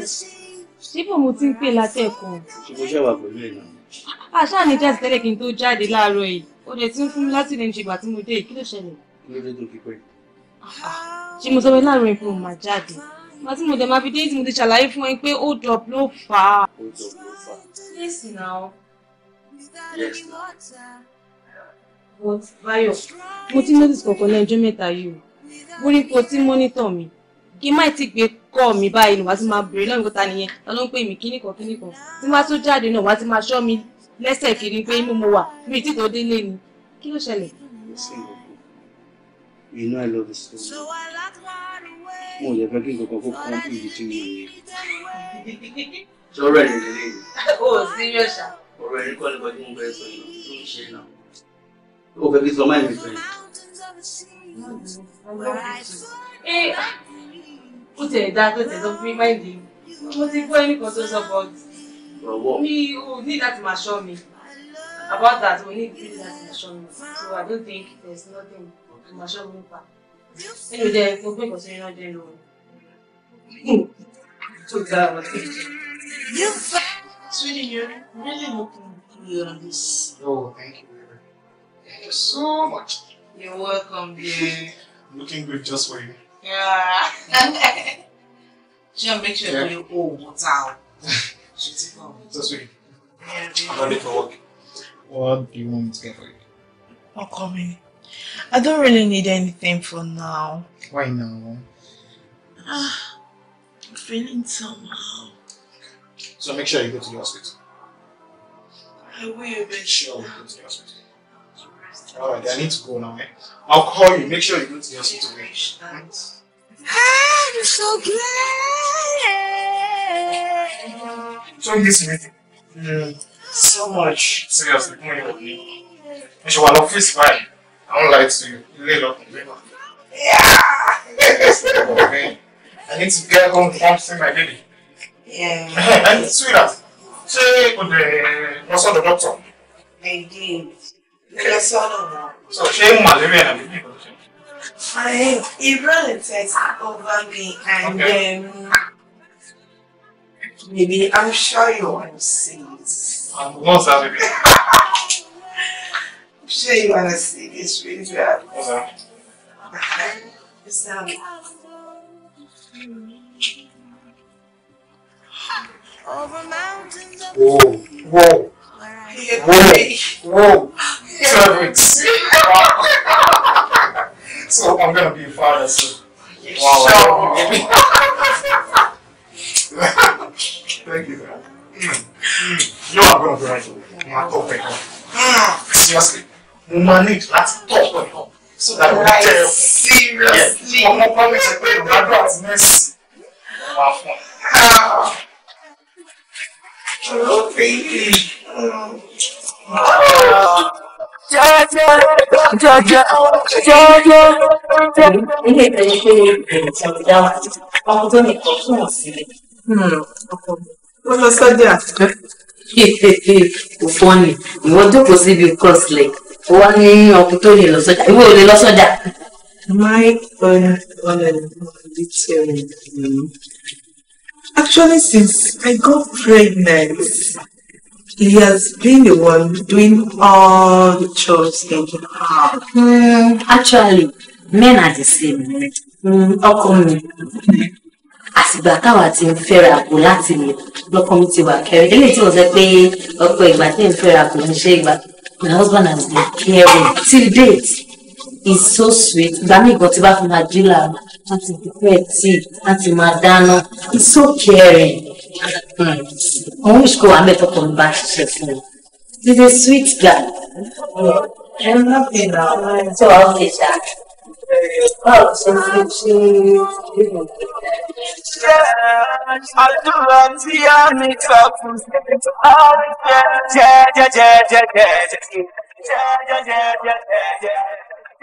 síbò mo ti ń pè látẹ̀kùn. ṣùgbọ́n ṣe wà pẹ̀lú ẹ̀ náà. àṣà ni jẹ́ tẹ́lẹ̀ kí n tó jáde láàárọ̀ yìí ó dẹ̀ ti ń fún mi láti lè ṣègbà tí mo dé kí ló ṣẹlẹ̀. kí ló dé tó fi pẹ́. ṣé mo sọ pé láàárọ̀ yìí pé mo máa jáde màá tí mo dẹ̀ máa fi dé tí mo ti ṣàlàyé fún ẹ pé ó dọ̀ ló fà á. ó dọ̀ ló fà á. yes now. yes now. but Báyọ̀ mo ti notice kọ̀ọ̀kan ní ọjọ́ mẹ́ta yìí kí n má ti gbé kọ́ mi báyìí nù wá ti máa bèrè lọ́nà kọta nìyẹn ta ló ń pè mí kíní kan kíní kan tí má tó jáde náà wá ti máa ṣọ́ mi lẹ́sẹ̀ kiri pé inú mo wà mi tí kò délé ni kí ló ṣẹlẹ̀. You know I love you so much. Mo ò lè fẹ́ kí nǹkan kan kó kọ́ bí ibi tí mo yẹ. Ṣọ́rọ̀ ẹ̀ nílé yìí. O ò serious ṣá. Ọ̀rọ̀ ẹ̀ nípa nípa tí mo fẹ́ sọ yìí tó ń ṣe náà. O fẹ́ kí sọ máa ń mi ó tẹ̀ dá tó tẹ̀ sọ fún mi máìlì mo ti gbọ́ ẹnì kan tó sọ bọ́ mi ò ní láti máa ṣọ́ mi about that we need really láti máa ṣọ́ mi so I don't think there is nothing to máa ṣọ́ mi nípa ẹnu jẹ mo gbé nǹkan sórí náà jẹ lọ. Hmm. tó dáa wọn tó jẹ. Sweetie, you're really looking good on this. Oh, thank you, baby. Thank you so oh. much. You're welcome, dear. [LAUGHS] Looking good just for you. John, make sure yeah. you owe water out. Just wait. I'm ready for work. What do you want me to get for you? I'm coming. I don't really need anything for now. Why now? Uh, I'm feeling somehow. So make sure you go to the hospital. I will. Make sure go to the hospital. Alright, I need to go now. Eh? I'll call you. Make sure you go to the hospital. I'm ah, so glad. So miss me. Mm, so much. Seriously, come here with me. You should have office fine. I don't lie to you. You lay up on me. Yeah. Okay. I need to get home to see my baby. Yeah. and sweetheart, say, what's on the doctor? Indeed. So she malaria àbí kí ló ṣe? It really takes over me and okay. um, maybe I'm sure you want to see this. No, sir, baby. I'm sure you want see this really well. Okay. It's um, Over mountains. Whoa, whoa. Whoa, whoa, servants. [GASPS] Wow. [LAUGHS] so I'm gonna be a father soon. Wow. [LAUGHS] Thank you. You are going to graduate. My open up. Seriously, we manage last top of it. So that we tell seriously. Yeah. I'm not promising you. My God, mercy. Wow. Oh, baby. Jaja, Jaja, Jaja. Ilé ìtẹ̀yìn pé ìbẹ̀rẹ̀ tí a ti dá wá sí. Ọkùnrin tó ní ìkọ̀ fún òsílẹ̀. Ó lọ sọ́jà. Òfò ni, ìwọ jókòó síbi cross leg. Ó wá ní ọkùnrin tó lè lọ sọ́jà. Ìwé ò lè lọ sọ́jà. My own, own, own, own, own, own, own, own, own, Actually, since I got pregnant, he has been the one doing all the chores in the house. actually, men are the same. Hmm, ọkọ mi. Àsìgbà táwa ti ń fẹ́ra kù láti lè lọ́kọ mi ti wà kẹrin. Eléyìí tí mo sọ pé ọ̀pọ̀ ìgbà tí ń fẹ́ra kù ní ṣé ìgbà. My husband has been caring till date is so sweet ìgbà míì gan tí bá fi máa jí làárọ̀ láti prepare tea láti máa dáná is so caring òun ní sùkúl àmì ẹ̀tọ́ kan bá ṣiṣẹ́ fún mi he's a sweet guy. I'm happy now. So I'll get that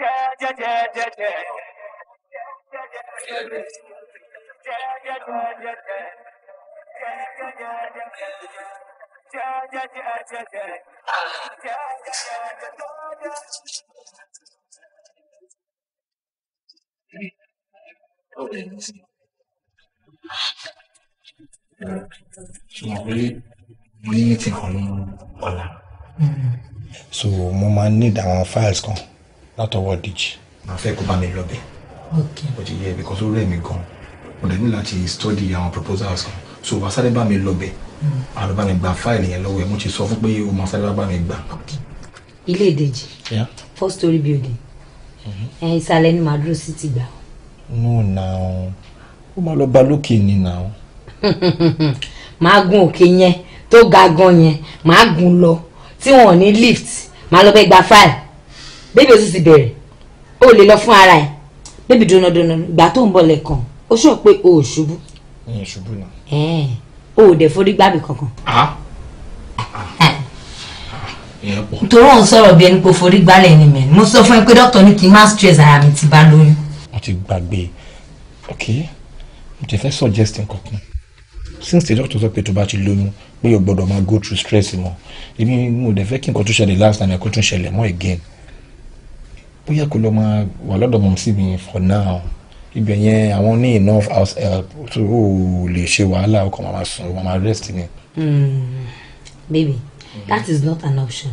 ṣùgbọ́n pé mo ní meeting kan ní ọ̀la so mo máa ń need àwọn files kan látọwọ́ díjì. màá fẹ́ kó bá mi lọ bẹ́ẹ̀. ok ó ti yẹ because ó rẹ̀ mí gan mo dẹ̀ ní láti study àwọn proposals kan so wàá sáré bá mi lọ bẹ́ẹ̀ àlọ́ hmm. bá mi gba fáìlì yẹn lọ́wọ́ ẹ̀ mo ti sọ fún pé o máa sáré bá mi gbà. ilé ìdèjì four story building mm-hmm. ìsàlẹ̀ ni màá dúró sí ti gbà. no na ó máa lọ ba lókè ni na. [LAUGHS] màá gun òkè yẹn tó ga gan yẹn màá gun lọ tí wọn ò ní lift màá lọ bẹ gba fáìlì bébí oṣù ti bẹ̀rẹ̀ o lè lọ fún ara ẹ̀ bébí dunadunna ìgbà tó ń bọ̀ lẹ́ẹ̀kan ó sọ pé o ò ṣubú. ìyẹn ṣubú náà. ẹ o ò dẹ̀ forí gbàgbé kankan. Ah. Ah. Ah. torí òun sọ̀rọ̀ bí ẹni pé forí gbálẹ̀ ni mẹ́rin mo sọ fún ẹ pé dókítà ní kí n má stress ara mi ti bá lóyún. mo ti gbàgbé ok mo ti fẹ́ suggest nǹkan since the doctor sọ pé tó bá ti lóyún pé o gbọ́dọ̀ máa go through stress mọ́ èmi mo dẹ̀ fẹ́ kí nǹkan tó ṣẹlẹ̀ last time ẹ̀ kó tún ṣẹlẹ̀ mọ́ again ó yẹ kó lọ máa wà lọ́dọ̀ mọ̀ sí mi for now ibẹ̀ yẹn àwọn ní enough house help tó o lè ṣe wàhálà ọkọ màmá sùn o màmá rest ni. Hmm, baby that is not an option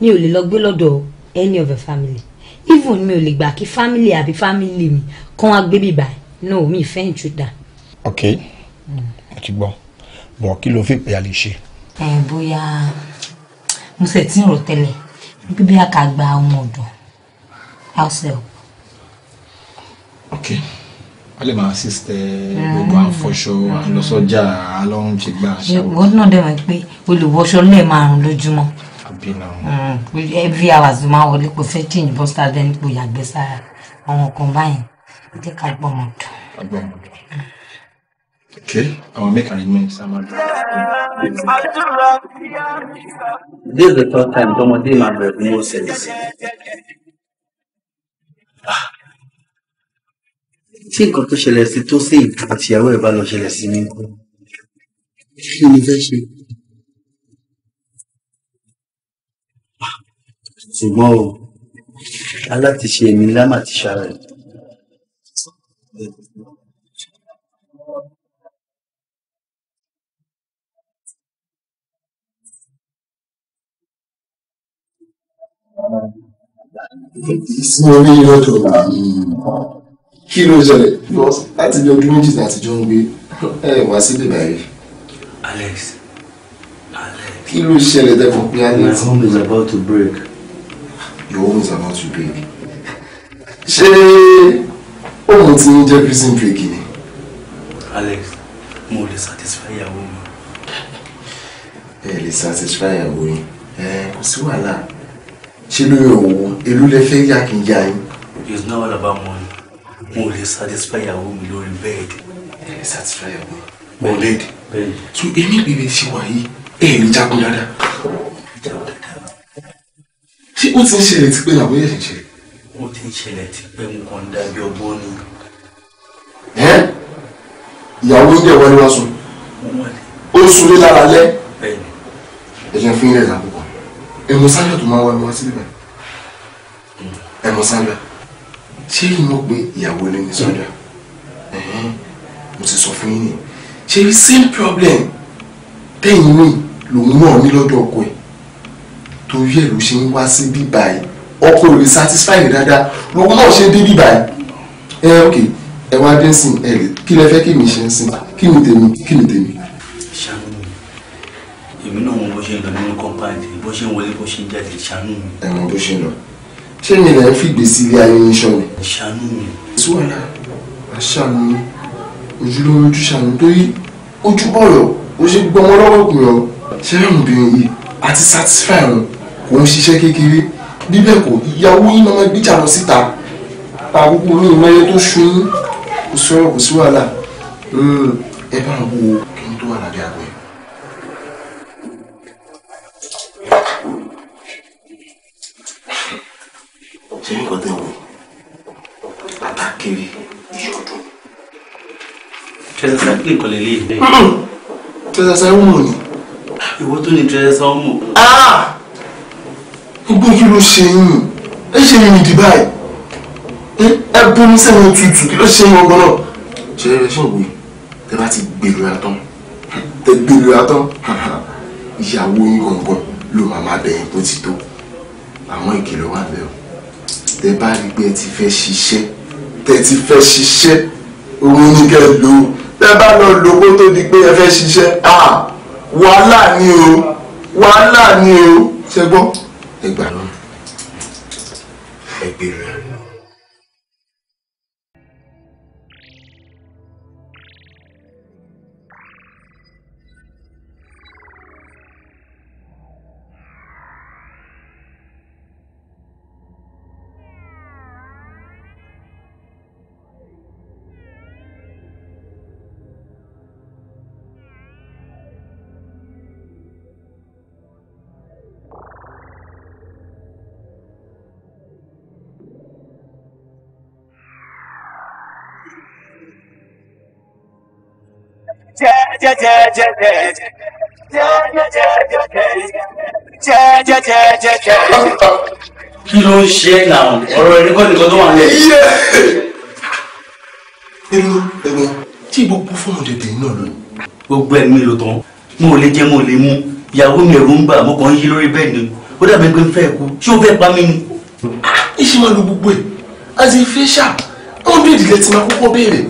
mi ò lè lọ gbé lọ́dọ̀ any of your family even mi ò lè gbà kí family àbí family mi kàn wá gbé bíbá no mi ìfẹ́ ìtúdà. ok mo ti gbọ́ bọ̀ kí ló fi pè á lè ṣe. ẹ eh, bóyá mo ṣe tí ń rò tẹ́lẹ̀ bíbí a kà gba ọmọ ọ̀dọ̀ house help. okay wọ́n lè máa assist eh, ah. gbogbo àfọṣọ àlọ́sọ́jà alọ́run ti gbà. ṣùgbọ́n náà dẹ̀ wọ́n pé olùwọṣọ lẹ́ẹ̀ márùn-ún lójúmọ́ hmm, every hour ló máa wọlé kó fẹ́ change bọ́sítà dẹ́ni kó yàgbẹ́ sára àwọn kan báyìí jẹ́ ká gbọ́ ọmọ dùn. agbọ́n ọmọ dùn. Okay, I will make arrangements. I'm This is the third time Tomodi Mabel no service tí nǹkan tó ṣẹlẹ̀ sí tó sì àtìyàwó ẹ̀ bá lọ ṣẹlẹ̀ sí mi kú kí ni fẹ́ ṣe. ṣùgbọ́n o alátiṣe mi lámà ti ṣara Thank you sí orí lọ́dọ̀ kí ló ṣẹlẹ̀ láti bí ọdún méjì láti jọ ń gbé ẹ wá sílẹ̀ báyìí. Alex Alex. kí ló ṣẹlẹ̀ dẹ́kun pé Alex. my home is about to break. your home is about to break. ṣé òun ti ń jẹ́ prison break ni. Alex mo lè satisfy ìyàwó mi. ẹ lè satisfy ìyàwó yín kò sí wàhálà ṣe ló yọ òun èlú lẹ fẹ́ yá kí n yá yín. it's not all about money mo lè satisfy ìyàwó mi lórí bẹ́ẹ̀dì. ẹ lè satisfy ìyàwó mi lórí bẹ́ẹ̀dì. so èmi bèbè ti wà yìí ẹ ẹ lè jagun dáadáa. ṣé ó ti ń ṣẹlẹ̀ tipẹ́ làwọn yẹn ṣe ń ṣẹlẹ̀. ó ti ń ṣẹlẹ̀ tipẹ́ mo kàn ń dàbí ọgbọ́n ni. ẹ ìyàwó ń dẹ̀ wọlé wá sùn ó ń sunlé lára lẹ́ ẹ̀jẹ̀ fún ilẹ̀ làwọn ẹ̀mọ sáyọ̀ tó máa wá mi wá sílẹ̀ báyìí ẹ̀mọ sáyọ̀ ṣé yìí mọ̀ pé ìyàwó ilé ní sọ́jà mo ti sọ fún yín ni ṣé yìí same problem tẹ́yìn mi lòun náà ní lọ́dọ̀ ọkọ ẹ̀ torí ẹ̀ ló ṣe ń wá sí bíbá ẹ̀ ọkọ rẹ̀ satisfy rẹ̀ dáadáa lòun náà ṣe dé bíbá ẹ̀ ẹ ok ẹ wá dé sìn ẹ lè kí lẹ fẹ́ kí mi ṣe ń sìn kí mi tèmi kí mi tèmi. ṣàmùlò èmi náà mo bó ṣe ń lọ nínú kọ́ńpáàdì bó ṣe ń wọlé bó ṣe ń jáde ṣàánú mi. ẹ̀mọ bó ṣe nà ṣé mi lẹ́ ń fìgbè sí ilé ayé yín ṣọ́ni. ṣàánú mi. ìṣúwàlà àṣàánú ojúlówó ojú ṣàánú torí ojú ọ̀rọ̀ ó ṣe gbọmọ lọ́wọ́ kù yọ ṣẹ́yìn obìnrin yìí àti satisfy wọn kò ń ṣiṣẹ́ kékeré bíbẹ̀ kò ìyàwó yín máa gbíjà lọ síta pa gbogbo mi ìmọ̀ye tó ṣun yín kò sí ọ̀rọ̀ kò sí wàhálà hmm, ẹ bá wo kí n tó wà lábẹ́ àgbẹ̀. ṣe ní nǹkan tẹ̀ wò àtàkiri ìyọ̀dún. tẹ̀sán kí nǹkan lè lè dẹ́. tẹ̀sán sáwọn mọ̀ ni. ìwọ tó ní tẹ̀sán sáwọn mọ̀. gbogbo kí ló ṣe yín ẹ ṣe yín ìdí báyìí ẹ bínú sẹ́yìn tutù kí ló ṣe yín ọgbọ́n náà. ṣe é ṣe òwe tẹ bá ti gbèrú atán tẹ gbèrú atán ìyàwó yín gangan ló máa máa bẹ̀yìn bó ti tó àwọn ìkìlọ̀ wà bẹ́ẹ̀ o tẹ́ bá rí pé ẹ ti fẹ́ ṣiṣẹ́ tẹ́ ti fẹ́ ṣiṣẹ́ òun ni kẹ́ ẹ lò ó tẹ́ bá lọ lò kó tó di pé ẹ fẹ́ ṣiṣẹ́ wàhálà ni o wàhálà ni o ṣe gbọ́ náà ẹ gbèrè. kí ló ń ṣe é náà ọ̀rọ̀ ẹni kọ́ nìkan tó wà ní ẹ̀. nínú ẹ̀gbọ́n tí ìbò bú fóònù tètè náà lónìí. gbogbo ẹ̀mí ló tán mo ò lè jẹ́ mo ò lè mú ìyàwó mi ẹ̀rù ń bà mo kàn ń yí lórí bẹ́ẹ̀ ni ó dàbí pé ń fẹ́ kú ṣé ó fẹ́ pa mí ni. iṣẹ́ máa lo gbogbo ẹ̀ as a facial hundred lẹ́tì máa kọ́kọ́ béèrè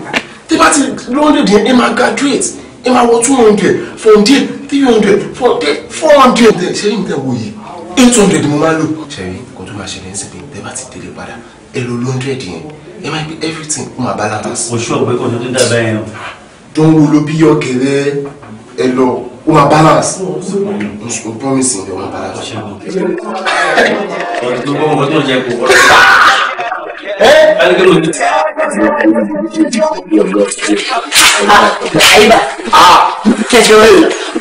tí bá ti hundred yẹn ẹ máa graduate ẹ máa wọ two hundred four hundred three hundred four hundred four hundred ṣé ní ìtẹ̀wò yìí eight hundred mo máa lò. ṣẹ̀rí kò tó máa ṣẹlẹ̀ ń sìn pé tẹ́ bá ti délé padà ẹ lo hundred yẹn ẹ máa gbé everything kó máa balance. oṣù ọ̀pẹ kan tó ti dàbẹ̀ yẹn o. jọ ń wo ló bí ọ̀kẹ́rẹ́ ẹ lọ ó máa balance. mo promise ẹ ó máa balance. ọ̀rẹ́ tó bọ́ ọmọ tó jẹ́ kó wọ́n àyíbá kẹjọ rẹ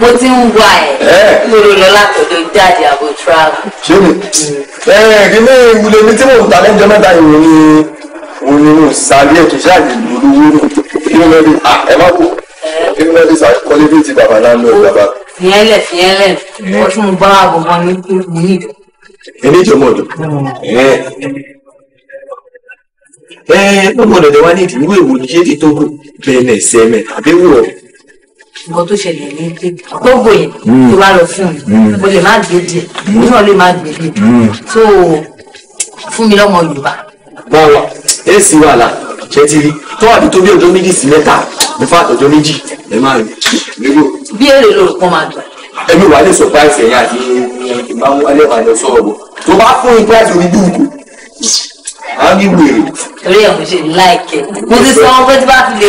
mo ti ń wá ẹ lórí lọ látọjọ jáde àbò travel. ṣé mi kíní ìwúlò mi tí mò ta lẹ́jọ́ mẹ́ta ìròyìn òní sàlẹ̀ ẹ̀ kì í ṣáàjì lólówó nù kí ló lọ́ọ́ di ẹ má kú kí ló lọ́ọ́ di sàkọ́lé bíi ti bàbá náà lọ́ọ́ bàbá. fìyẹn lẹ fìyẹn tún bá àbọ̀bọ̀ ní kí n ní. ẹ ní ọ̀dọ́ ẹ lọ́mọ dọ̀dọ̀ wá ní ìdílé ìwò ní ṣé ti tó kù bẹ́ẹ̀ ṣe mẹ́ àbí wù ọ́. nǹkan tó ṣẹlẹ̀ ní pé gbogbo yẹn tó wá lọ fún mi mm. Mm. mo lè má gbé díẹ̀ mo náà lè má gbé díẹ̀ tó mm. fún mi lọ́mọ yorùbá. báwa ẹ sì wà lá ṣe rí tó àbí tó bí ọjọ́ méjì sí mẹ́ta mo fà ọjọ́ méjì ẹ máa rí nígbò. bí èrè lórúkọ máa gbà. ẹbí wàá lè sọ price ẹ̀yìn àti ìbámu alẹ́ wàá lọ sọ̀rọ̀ tó bá fún ipa ìṣòro Hang him you it. Real, like it. Who's this song about to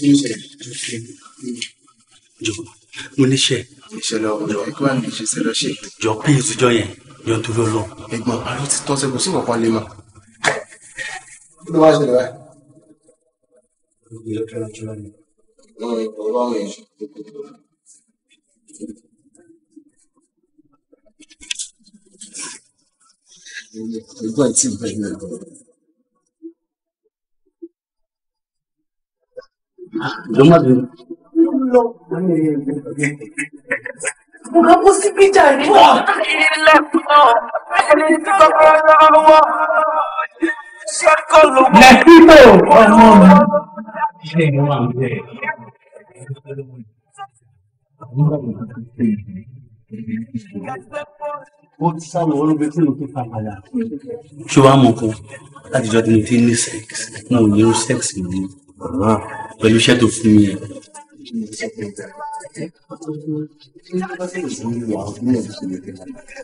be? jọ mo níṣẹ́. ìṣẹ̀lẹ̀ ọjọ ẹkọ àmì ìṣẹ̀lẹ̀ ọṣẹ. jọ pín ìtújọ yẹn yọ nítorí Ọlọ́run. ẹ̀gbọ́n àrùn ti tọ́ sẹ́kù sí kankan lè mọ̀. kí ló wá ṣẹlẹ̀ báyìí. ẹ̀gbọ́n tí ì bẹ ní ẹ̀gbọ́n. Jọmọdé lọ. Mo máa sí píjà rí. Lẹ́kítọ̀ ọmọ mi. Ṣé ìlú wà ní ẹ̀? Ó ti sá lọ wọ́n bí tí mo ti fa padà. Ṣé wàá mọ̀ kó láti jọ́ tí mo ti ní sẹ́ẹ̀sì náà ní irú sẹ́ẹ̀sì mi ah. pẹ̀lú tó fún mi yẹn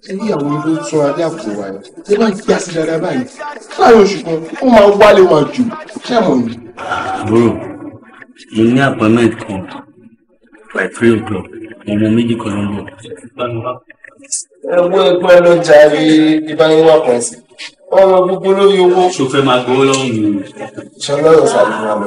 èyí àwọn ló sọ adé àpò wa yẹn tí wọ́n gbà sí dáadáa báyìí mo ní appointment kan by three o'clock ọmọ méjì kan ló ń bọ̀. ẹ wo ẹgbẹ́ ló jàre ìbánilọ́wọ́ kan sí ọ̀rọ̀ gbogbo lórí owó. ṣòfẹ́ máa gbowó lọ́wọ́ mi. ṣọlá ṣàlùfẹ́ wa lọ.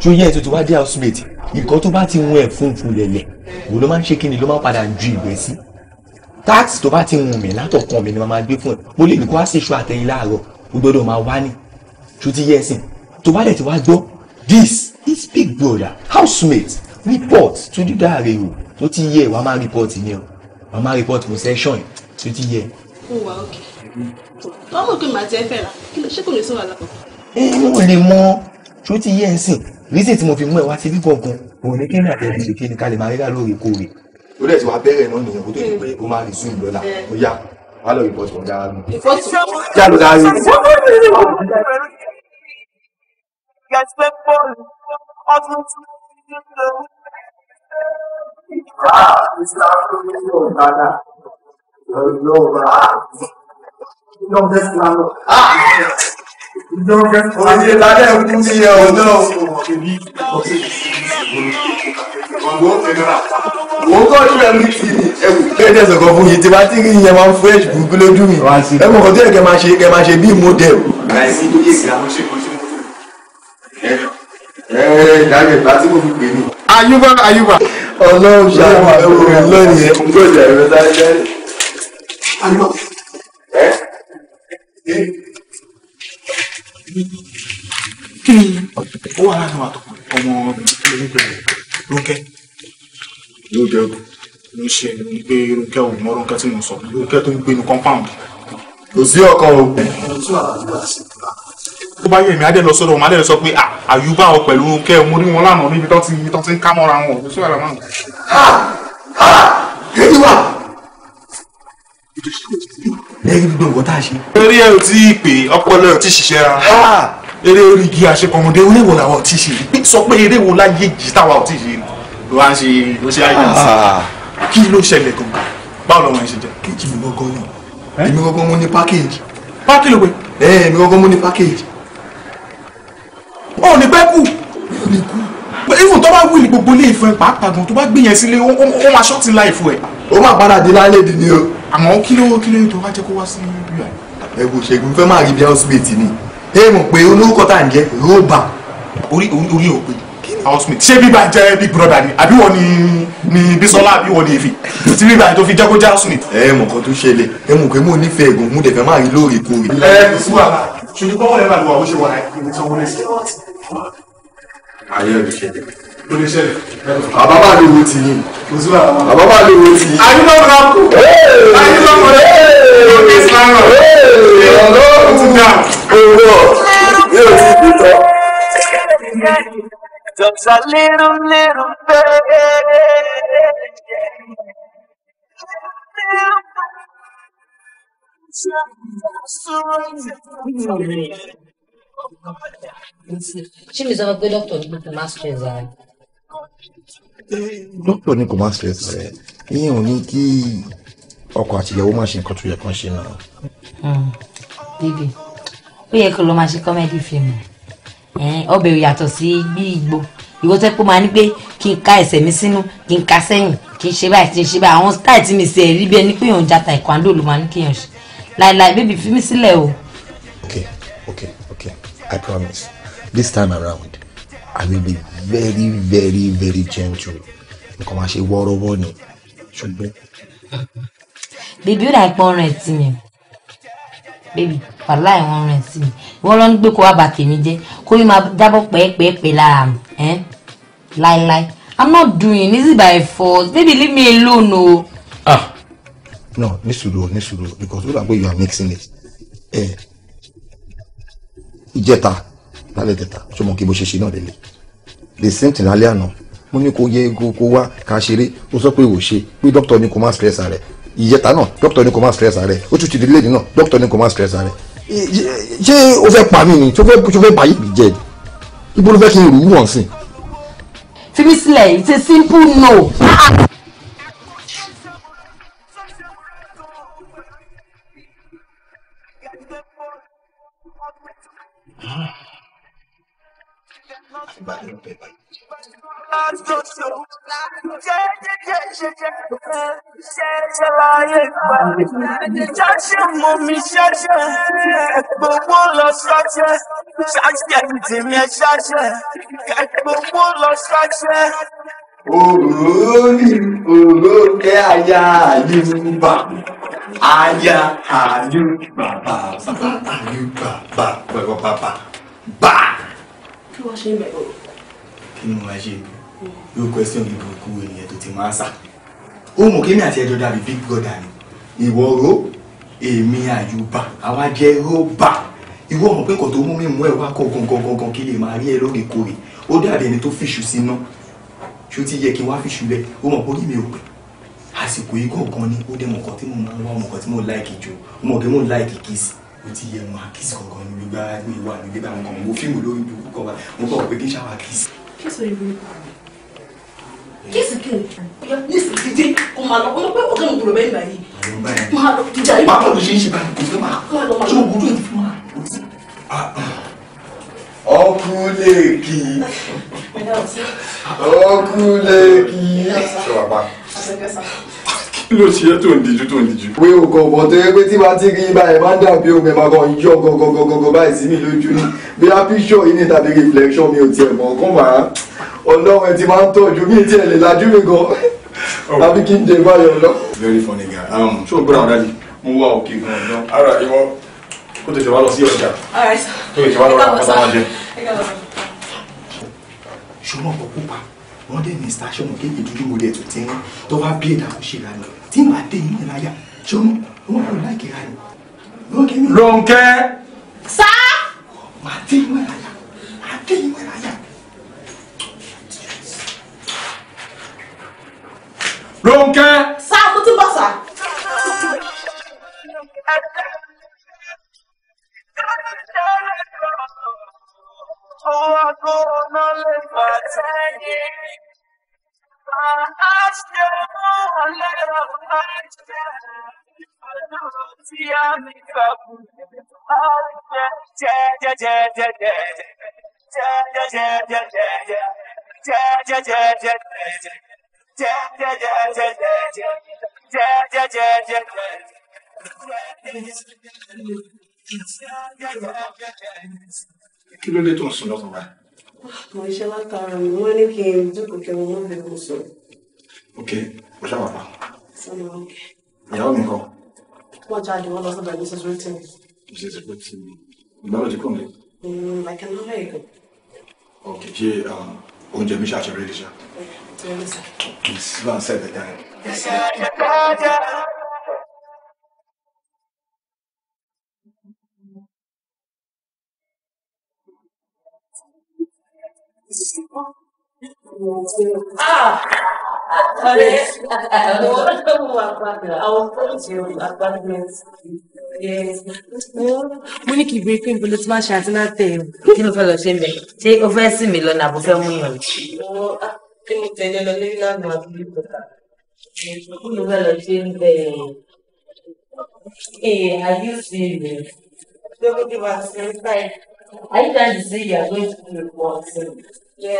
tí ó yẹ ètò tí wá dé housemate nǹkan tó bá ti hun ẹ̀ funfun lẹ̀lẹ̀ òun ló máa ń ṣe kí ni ló máa ń padà ju ìwé sí táàsì tó bá ti hun mi látọ̀kan mi ni màá máa gbé fún ẹ mo lè ní kó wá sí iṣu àtẹ̀yìn láàárọ̀ o gbọ́dọ̀ máa wá ní tó ti yẹ ẹ̀sìn tó bá dẹ̀ ti wá gbọ́ this this big brother housemate report tó dídá rẹ o tó ti yẹ wàá máa report ni o wàá máa report mo session tó ti yẹ. ó wà ókè wọ́n mọ̀ pé màá ti ẹ fẹ́ ra ṣé kò lè sọ wà lápapọ̀ ṣó ti yẹ ẹ sìn reason tí mo fi mú ẹ wá ti rí gangan òun ni kẹ́ni àtẹ̀lẹ́ ṣe kí ni ká máa rí rà lóòrèkóòrè ó dẹ̀ ti wá bẹ̀rẹ̀ náà nìyẹn kó tó di pé ó máa resume lọ́la ó yá wà lọ report wọn dára nù. yá ló dára nù. gẹ̀ẹ́sì bọ́ọ̀lù ọdún tí ó ń lò. Ah, it's not going to go, Dada. No, no, no. No, that's not. Ah! Oye lálẹ́ kú sí ẹ ò náà. Wo kọ́ ìrẹ̀ mi ti ẹ̀wù. Kéde sọ̀kọ̀ fún yìí tí bá tí yẹn máa ń fún ẹ̀ṣù gbogbo lójú mi. Ẹ mọ̀ kọ́tí ẹ̀kẹ́ máa ṣe kẹ́ máa ṣe bí mọ́dẹ̀l. Ẹ dàgbẹ̀ bá tí mo fi pè ní. Ayúbá Ayúbá. Ọlọ́run eh? ṣàwọn ẹ̀wọ̀n rẹ̀ lónìí ẹ̀. Ayúbá. Ẹ kí ni ó wà láàrin wa tó kù ọmọ olóògbé rẹ Rónkẹ́. Rónkẹ́ o ló ṣe ní pé Rónkẹ́ ò mọ Rónkẹ́ tí mo sọ Rónkẹ́ tó ń gbé ní compound kò sí ọkọ o. tó bá yẹ èmi adé lọ sọ́dọ̀ ọmọ adé lọ sọ pé àyùbá ọ pẹ̀lú Rónkẹ́ mo rí wọn lánàá níbi tó ti ń ká mọ́ra wọn kò wà lẹ́yìn gbogbo nǹkan tá a ṣe. eré ẹ ò tí ì pè ọpọlọ ẹ ò tí ì ṣiṣẹ́ rárá eré orí igi àṣepọmọdé eré wo làwọn ò tí ì ṣe rí sọ pé eré wo láyé jì táwa ò tí ì ṣe rí ló wá ń ṣe ló ṣe àyè sí kí ló ṣẹlẹ̀ gangan báwo lọ́wọ́ ẹ ṣe jẹ́. kéèjì mi gbọ́ngàn náà èmi gbọ́ngàn mo ní pákéèjì. pákéèjì ló pe. ẹ ẹ mi gbọ́ngàn mo ní pákéèjì. ó ní pẹ́ kù. ó ní kù even tó bá wíìlì gbogbo ilé ìfẹ́ pàápàá gan tó bá gbìyànjú sílé ó máa ṣọ́ọ̀tì láìfo ẹ̀. ó máa padà dé lálẹ́ ìdí ni o àmọ́ kí ló kí ló yẹ tó wá jẹ́ kó wá sí ibi rẹ̀. ẹ wo ṣègùn fẹ́ máa rí bí housemate ni ẹ mọ̀ pé olórúkọ tá à ń jẹ rọ́bà orí orí ò pé ṣé bíbá jẹ́ big brother ni àbí wọ́n ni ni bisola àbí wọ́n ni èfi tí bíbá tó fi jẹ́ kó jẹ́ housemate. ẹ mọ̀ kan tó ṣẹlẹ̀ ẹ mọ̀ pé mò ń nífẹ̀ẹ́ ẹ̀gùn mú dẹ̀fẹ̀ máa rí lóòrèkóòrè. ẹ kò sí wàhálà ṣùgbọ́n kọ́kọ́ lẹ́ẹ̀bà ló wà ó ṣe wà o lè ṣẹlẹ̀. bàbá máa lè wo ti yín bàbá máa lè wo ti yín. ayé ló ra kù ayé ló mọ̀ ẹ́ ló ní sàrọ̀ ló ti dà. owó yóò ti di tọ́. Just a little, little baby. She was a good doctor, but the master is dókítà ní kò má stress rẹ ìyẹn ò ní kí ọkọ àtìyàwó má ṣe nǹkan tó yẹ kán ṣe náà. bíbí hmm. ó yẹ kó lọ máa ṣe kọ́mẹ́dì fíìmù ọbẹ̀ yàtọ̀ sí bí igbó ìwọ tẹ́ pé máa ní pé kí n ka ẹsẹ̀ mi sínú kí n ka sẹ́yìn kí n ṣe báyìí kí n ṣe báyìí àwọn style tí mi sì ẹ̀ rí bí ẹni pé òun jata taekwondo ló máa ní kí èèyàn ṣe láìláì bébì fi mí sílẹ̀ o. okay okay okay i promise this time around i will be very very very gentle nǹkan máa ṣe wọ́ọ́rọ́wọ́ ni ṣùgbọ́n. bèbí ó dà pé ọrùn ẹ̀ tì mí bèbí wàhálà ẹ̀wọ̀n ọrùn ẹ̀ tì mí wọ́n lọ ń gbé kó wá bà tèmi jẹ́ kó yín máa jábọ́ pẹ́ẹ́pẹ́ẹ́pẹ́ lára mi láéláé i'm not doing this is by force baby leave me alone o. No. ah no ní sùúrù ní sùúrù because ó dà pé you are mixing it. Eh ìjẹta lálẹ́ tẹ̀ta ṣọmọ kí bó ṣe ṣe náà lélẹ̀ the same thing lálẹ́ àná mo ní kó yẹ kó kó wá ká ṣeré ó sọ pé ò ṣe pé dókítà ní kó má stress rẹ ìyẹta náà doctor, ní kó má stress rẹ ó tún ti di lẹ́yìn náà dókítà ní kó má stress rẹ ṣé o fẹ́ pa mí ni ṣé o fẹ́ báyìí mi jẹ ibo ló fẹ́ kí n rù wọ̀n sí. fi sílẹ̀ it's a simple no. Ah àtìgbà ló ń bẹ báyìí. Ṣáṣẹ́ mọ mi ṣáṣẹ́, ẹ̀gbọ́gbọ́ lọ ṣáṣẹ́, ṣáṣẹ́ tèmi ẹ ṣáṣẹ́, ẹ̀gbọ́gbọ́ lọ ṣáṣẹ́. Òróòlì òróòlẹ̀ aya àyù bàbá, aya àyù bàbá, bàbá àyù bàbá, bàbá bàbá kí wọ́n ṣe mẹ́ o. kí ni mo máa ṣe ibi yóò question bí burúkú ènìyàn tó ti máa sà ó mọ̀ kémi àti ẹjọ́ dàbí big brother ni ìwọ ro èmi àyùbá àwa jẹ́ rọ́bà ìwọ mọ̀ pé kò tó mú mi mú ẹ wá kọ̀ gangan kí lè máa rí ẹ lóòrèkóòrè ó dàbí ẹni tó fìṣù síná ṣó ti yẹ kí n wá fìṣù lẹ ó mọ̀ pé mi ò pè àsìkò yìí gangan ni ó dẹ̀ mọ̀ tí mo máa ń wá ọmọ tí mo láìkì jù ọmọ kí mo láìkì kìí sí ó ti yẹ wọn àkísì kankan ní gbogbo àgbè wà nílé nǹkan mo fíìmù lórí dùkú kan wa mo bọ̀ pé kí n ṣàwọn àkísì. kíso ìwé kíso kíni ọyọ nísìsiyìí dídé kò máa lọ ọmọ pé ó kẹ́ mo gbòòrò bẹ́ẹ̀ báyìí máa lọ jíjà yìí. pápá ló ṣe ń ṣe báyìí kò fẹ́ máa ṣe ògùdù yìí fún wa. ọkùnlẹ̀kì ọkùnlẹ̀kì ṣọwọ́ pa kí ló ṣe tó ń dijú tó ń dijú. pé o kò bọ̀ tó yẹ pé tí bá ti rí báyìí máa ń dàbí omi ẹ̀ máa kàn gọgọgọgọ báyìí sí mi lójú ní bí a yìí ní tàbí reflection mi ò tiẹ̀ mọ̀ kó máa ọlọ́run ẹ ti máa ń tọ́jú mi tiẹ̀ lè lajú mi gan oh. àbí kí n dé báyọ̀ lọ. very funny guy um, ṣó o gbọ́dọ̀ ọ̀dà yìí mo wá òkè gan ọ̀dọ́. ara ìwọ kó tètè wá lọ sí ọjà kó tètè wá lọ ra àpáta wọ́n dé ní station kéèké dúdú mo dẹ̀ tó tẹ́yìn tó wá bí ẹ̀dá kó ṣe tí màá dé yín níláyà ṣòro wọn kò láìkè ra ni. Rónkẹ́. sá. màá dé yín níláyà màá dé yín níláyà. Rónkẹ́. sá mo ti bọ̀ sá. Oh, I'm gonna live my day. Kí ló dé tó ń sun lọ́kàn báyìí? mo ṣe látara mi wọ́n ní kí n jókòó kí wọ́n mọ̀ bẹ́ẹ̀ mo sọ. ok o ṣe àwàdà. sọlá ok. ìyàwó mi kọ. wọ́n jáde wọ́n lọ sọ́dọ̀ mrs rotimi. mrs rotimi ìgbà ló ti kún mi. like an hour ago. ok ṣe oúnjẹ mi ṣàṣẹ rẹ ṣá. yes sir. please go and set the time. Ah! Yes. mo ní kí ìwé pé nbolo tí máa ṣe àti náà tẹ o. kí ló fẹ́ lọ ṣe ń bẹ̀ ṣé o fẹ́ sìn mí lọ́nà àbò fẹ́ mú yàn. kí mo tẹ̀lé lọ lórí lánàá àbúrò ìkọta. kí ló fẹ́ lọ ṣe ń bẹ̀ ee ayé òsè rẹ̀. dókítà wa ṣe ń báyìí. are you trying to say you are going to be a poor person? tí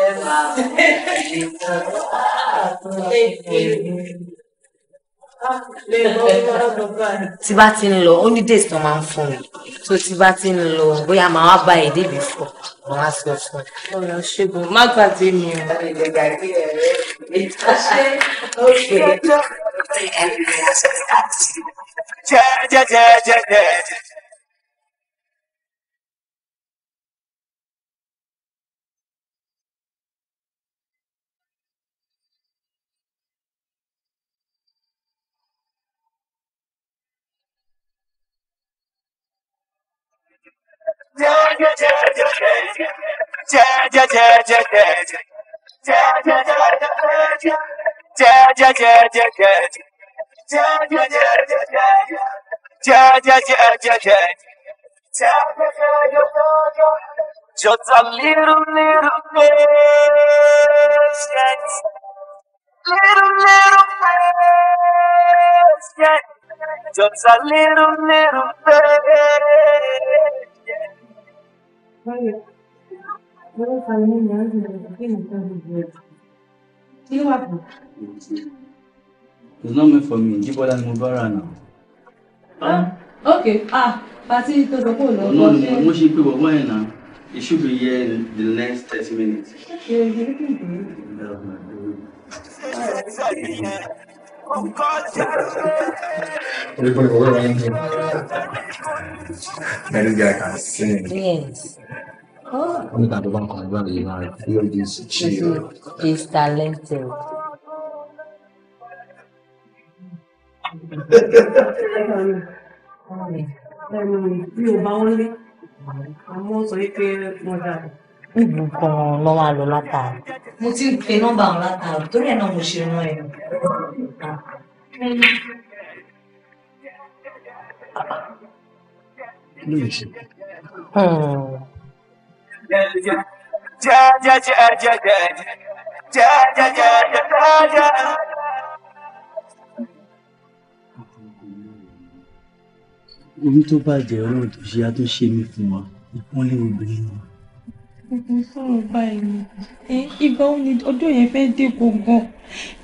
bá ti ń lọ ó days tó máa ń fún mi tó tí bá ti ń lọ bóyá màá wá bá èdè mi fọ màá wá sọ fún mi. ọ̀rọ̀ ṣègùn má gbàgbé mi o. jẹ́ Just a little, little patience. Little, little patience. Just a little, little patience. Hayır. It's not meant for me. Jíbọ́lá ni mo bá rà náà. Ah, ok, ah, àti tó sọ pé òun lọ sí. Mo ṣe pé bọ̀bọ̀ yẹn náà. It should be here in the next thirty minutes. Ṣé ìdílé kìí dé? Everybody go around him. Man, this guy can sing. Yes. Oh. I'm not the one coming back. You know, feel this chill. He's talented. mi ò bá wọn lé àmọ́ sọ pé wọn dàbí. níbo gan-an lọ́wọ́ àlọ́ látàrí. mo ti ń pe nọ́mbà àwọn látàrí torí ẹ̀ náà mo ṣe rán ẹ̀ tán. tó bàjẹ́ ọlọ́run tó ṣe àtúnṣe mi fún wa, ìpọ́nlé obìnrin náà gbogbo sọ̀rọ̀ báyìí ni ni ọdún yẹn fẹ́ dé gbọ̀ngàn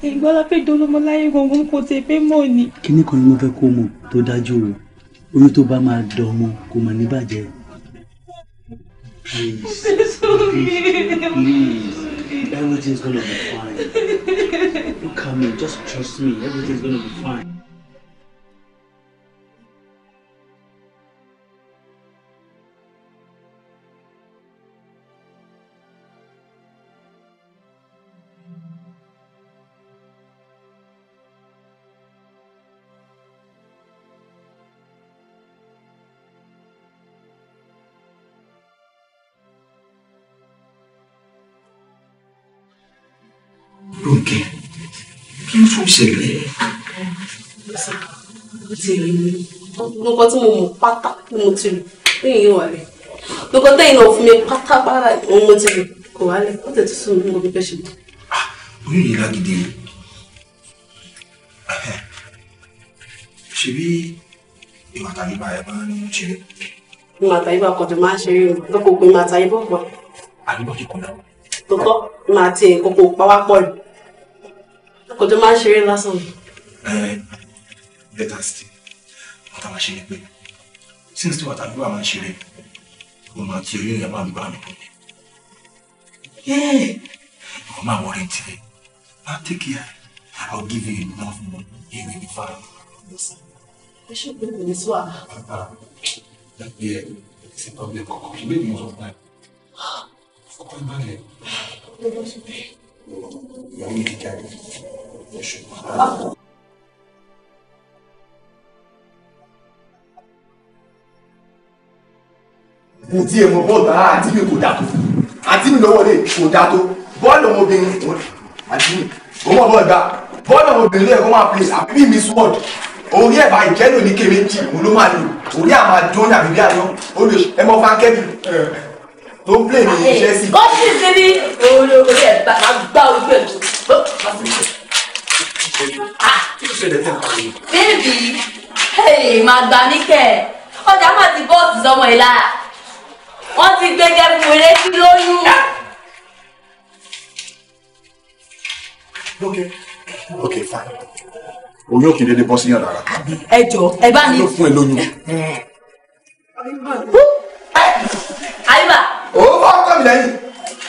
ìgbà la fẹ́ dolómọ láyé gbọ̀ngàn kò tẹ pé mọ̀ ni. kíní kan ni mo fẹ́ kó mọ̀ tó dájú o oyún tó bá máa dán ọmọ kò mà ní bàjẹ́. please please everything's gonna be fine look at me just trust me everything's gonna be fine. ṣẹlẹ̀. nǹkan tí mo mọ̀ pátá ni mo ti rí lẹ́yìn yóò wà rẹ̀ nǹkan tẹ́yìn náà fún mi pátá bára òun mo ti rí kò wálẹ̀ ó tẹ̀ tó sùn ní mo fi fẹ́ ṣe. Ah, oyún yìí lágídí o ṣebí ìwà tàbí bá ẹ bá ń ṣe é máa tàyíbà kọ̀dọ̀ máa ṣe rí o kókó pé máa tàyíbà pọ̀. àdúgbò kíkọ náà. tòótọ́ máa tiẹ̀ kókó pawápọ̀ rẹ̀ kò tó máa ń ṣeré lásán. bẹ́ẹ̀ tán sí wọ́n táwọn ṣe ni pé since tí wọ́n tàbí wà máa ń ṣeré mo máa ti oyún ìyàwó àgbà mi kò ní. mo máa wọrí tiẹ̀ máa take care I will give you enough money you will be fine. ẹ ṣe pé kò ní sọ àná. dàbí ẹ ṣe public kọ̀ọ̀kan ṣe bẹ́ẹ̀ ni mo sọ fún ẹ. ọkọ ìbálẹ̀ ìyàwó yìí jáde ẹ ṣùgbọ́n. mo ti èmo bọ́ọ̀lù rárá àti mi kò dà tó àti mi lọ́wọ́ lè kò dà tó bọ́ọ̀lù ọmọbìnrin àti mi kò mọ̀ bọ́ọ̀lù gbà bọ́ọ̀lù ọmọbìnrin lè kó máa pè àbí bí miss world orí ẹ̀ bá ìjẹ́ lónìí kéméjì òun ló máa lò orí àmàdún àbí bí àná olùsọ ẹ mọ fáńkẹ́bì tó ń blé mi iṣẹ́ sí. ó sì ti ní orí orí ẹ̀ bá máa gbá ojú ẹ̀ tó bá ti ṣe. Ah. kí ló ṣẹlẹ̀ tẹ̀ pàdé? bébì máa gbà mí kẹ̀ ọjà máa ti bọ́ọ̀sì sọmọ ẹ̀ lára wọ́n ti gbé gẹ́gẹ́ eré sí lóyún. ok ok fine oyún òkè dédé bọ́ sí yàn lára. ẹ jọ ẹ bá mi. ló fún ẹ lóyún. àyíbá òun kọ́ kọ́ mi lẹ́yìn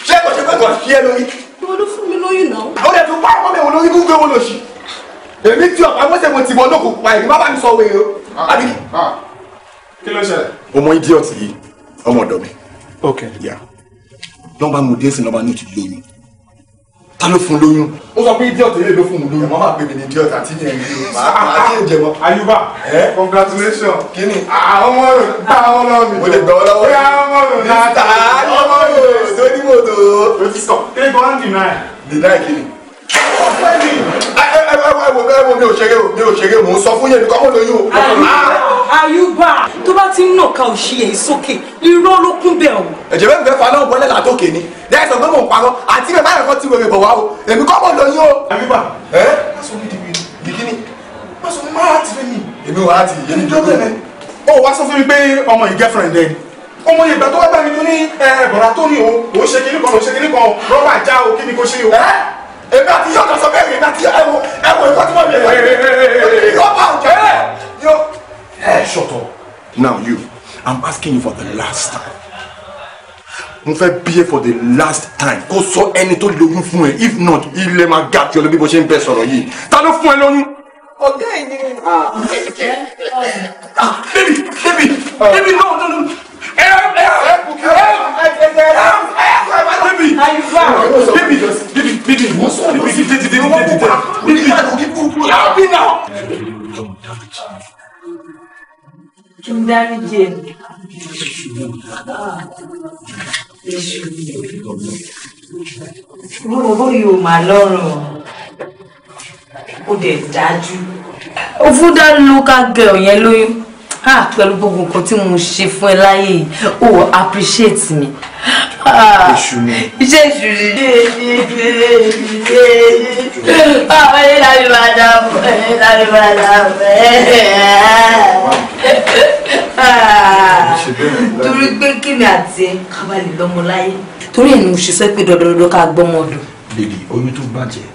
ṣé kò ṣe pé kò sí ẹ lórí. ìwọ ló fún mi lóyún náà. ó lè tún pa ọmọ mi wò lórí gbogbo wọn lòsì èmi tí ọ̀pá mọ́tẹ́ mo ti bọ́ lókun pa èmi bábà mi sọ wèrè o ah, àbíkí. Ah. kí ló ṣẹlẹ̀. ọmọ idiot yìí ọmọ ọ̀dọ̀ mi. ok. nọ́mbà mo dé sí nọ́mbà ní o ti lóyún ta ló fún lóyún. ó sọ pé idiot yìí ló fún mi lóyún màmá pè mí ní idiot àti ní ẹ̀rí ah, ah, màá tí ì jẹmọ. Ayuba congratulation kí ni. àwọn ah, ọ̀rọ̀ gba àwọn ọlọ́run mi mo lè gbà ọ lọ́wọ́ yìí. àwọn ọlọ́run mi jọ. ọmọ yòó tó ní o ti sọ kí ni kò ń kí ni. ọ̀pẹ́ mi ẹwọ ẹwọ ẹwọ mi ò ṣeré o mi ò ṣeré mò ń sọ fún yẹn mi kọ́kọ́ lóyún o. àyùbá tó bá ti ń nàka òṣìyẹ ìsókè irọ́ ló kún bẹ́ẹ̀ o. ẹ̀jẹ̀ bẹ́ẹ̀ bẹ́ẹ̀ faná wọlé látòkè ni lẹ́sọ̀ pé mò ń parọ́ àti bẹ́ẹ̀ báyọ̀ kan ti wèrè bọ̀ wá o èmi kọ́kọ́ lóyún o. àyùbá ẹ má sọ mi di bikini má sọ mi má láti fẹ́ mi. èmi wà á ti yé mi dúró bẹ́ẹ̀ o wá sọ fún mi pé ọmọ yìí girlfriend ẹ ọmọ ìgbà tó wá bá mi tó ní ẹ̀ẹ́dọ̀rà tó ní o ò ń ṣe kinní kan ò ń ṣe kinní kan rọ́bà já o kí ni kò ṣe o èmi àti yóò sọ bẹ́ẹ̀ èmi àti ẹwọ ẹwọ ìkọ́ tí wọ́n mi ẹ̀ yọ bá ń jẹ́ yọ. ẹ shut up now you i'm asking you for the last time mo fẹ́ bí ẹ for the last time kó sọ ẹni tó lóyún fún ẹ if not ilẹ̀ máa ga tí olóbi bó ṣe ń bẹ sọ̀rọ̀ yìí ta ló fún ẹ lóyún. ọ̀gá ẹ̀ ni. baby baby baby no no no help help help help help baby baby baby baby baby baby baby baby baby help me now. kí n dárí jẹ. mo bó yóò máa lọ́rùn ó dẹ̀ dájú. ó fún dá local girl yẹn lóyún ah pẹ̀lú gbogbo nǹkan tí mo ṣe fún ẹ láyé o appreciate mi. iṣu ni. iṣẹ́ iṣu ni. báwo ni láti máa ẹ láti máa torí pé kí ni àti ẹ ká láyé. torí ẹ̀ mo ṣe sọ pé dandandandan ká gbọ́mọ dùn. lèlè oyún tó bàjẹ́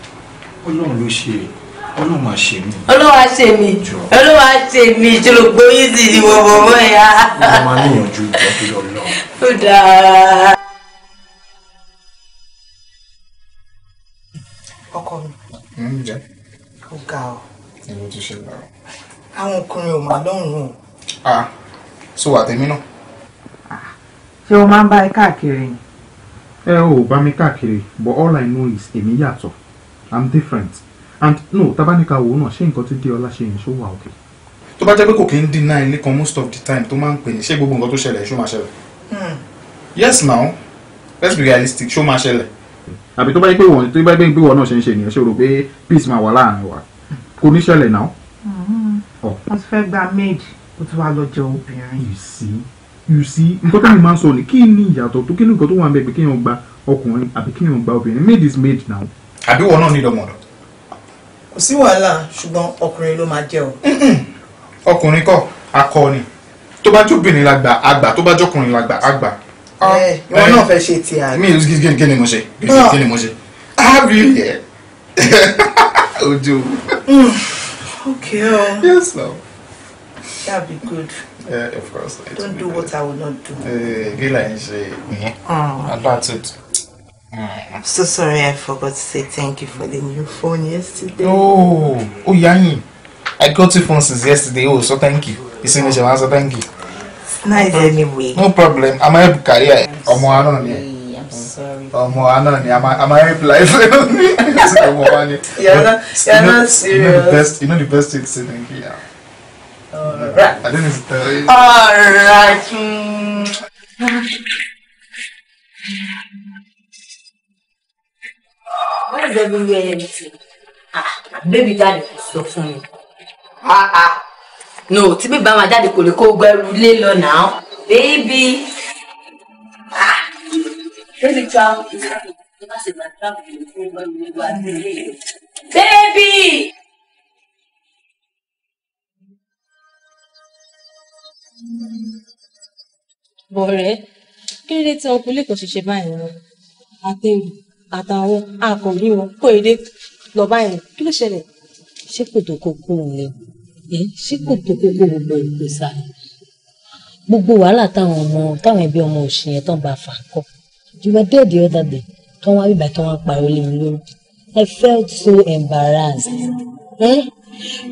ọlọ́run ló ṣe é olóòwà ṣe mí. olóòwà ṣe mí olóòwà ṣe mí ìṣòro gbóyìí ni mo mọ̀ mọ́ ya. mo máa níyànjú ìtọ́jú lọ. ó dáa. ọkọ mi. Hmm, ó ga ọ. ìlú ti ṣe lọ. àwọn ọkùnrin ò máa lọ́rùn o. so wà tèmi náà. ṣé o máa ń bá ẹ káàkiri ni. ẹ ò bá mi káàkiri but all I know is èmi yàtọ̀ I'm different and no tabanika wo náà ṣé nǹkan tí Déọlá ṣe yẹn ṣó wà òkè. tó bá jẹ́ pé kò kí ń deny ilé kan most of the time tó máa ń pè ní ṣé gbogbo nǹkan tó ṣẹlẹ̀ ṣó máa ṣẹlẹ̀. Hmm. yes now let's be realistic ṣó máa ṣẹlẹ̀. àbí tó bá yẹ pé wọ́n tó bá yẹ pé wọ́n náà ṣe ń ṣe nìyẹn ṣe rò pé peace máa wà láàrin wa kò ní ṣẹlẹ̀ náà. Hmm. Oh. wọ́n ti fẹ́ gba maid kó tó wá lọ jẹ obìnrin. you see you see nǹkan tó ní máa ń sọ ni kí ni ìyàtọ̀ tó kí ni nǹkan tó wà ń bẹ pé kéèyàn gba ọkùnrin àbí kéèyàn gba obìnrin maid is maid now. àbí wọn náà ní ìdánwò ọ̀dọ̀ kò sí wàhálà ṣùgbọ́n ọkùnrin ló máa jẹ́ o. ọkùnrin kọ́ akọni tó bá jóbìnrin la gbà àgbà tó bá jọkùnrin la gbà àgbà. ẹ eh, ah, ìwọ eh, náà fẹ́ ṣe ti àgbà. mi gígé gígé ni mo ṣe gígé ni ah. mo ṣe àbí ah, yẹ [LAUGHS] ojú. Mm. [LAUGHS] okay o. Oh. yes ma'am. That be good. Yeah, of course. Don't do what I will not do. Eh, Gíla ń ṣe ìyẹn. Oh, àti it. I'm so sorry I forgot to say thank you for the new phone yesterday. Oh, oh Yanni, I got two phones since yesterday. Oh, so thank you. You see me, she so thank you. It's nice no anyway. No problem. I'm a help career. I'm sorry. I'm sorry. I'm a help life. [LAUGHS] You're not, you're not serious. You know the best, you know the best thing to say thank you. Yeah. Alright. I didn't tell you. Alright. Mm. Why is everyone wearing anything? Ah, baby daddy kò sọ fún mi. Ah ah. No, tí bíbá máa jáde kò lè kó gbẹrú lé lọ náà. Baby. Ah. Baby travel. Baby. Bọ̀rẹ́, kí ló dé tí ọkùnrin kò ṣe ṣe báyìí lọ? Adéwì àtàwọn akọ̀wé wọn kó èdè lọ́ba yẹn kí ló ṣẹlẹ̀. ṣé kò tó kókó rẹ ẹ ṣé kò tó kókó gbogbo ìpèsà gbogbo wàhálà táwọn ọmọ táwọn ẹbí ọmọ òsì yẹn tán bá fà kọ you were there the other tán wá bíbá tán wá pariwo lé mi lórí I felt so embarrassed ẹ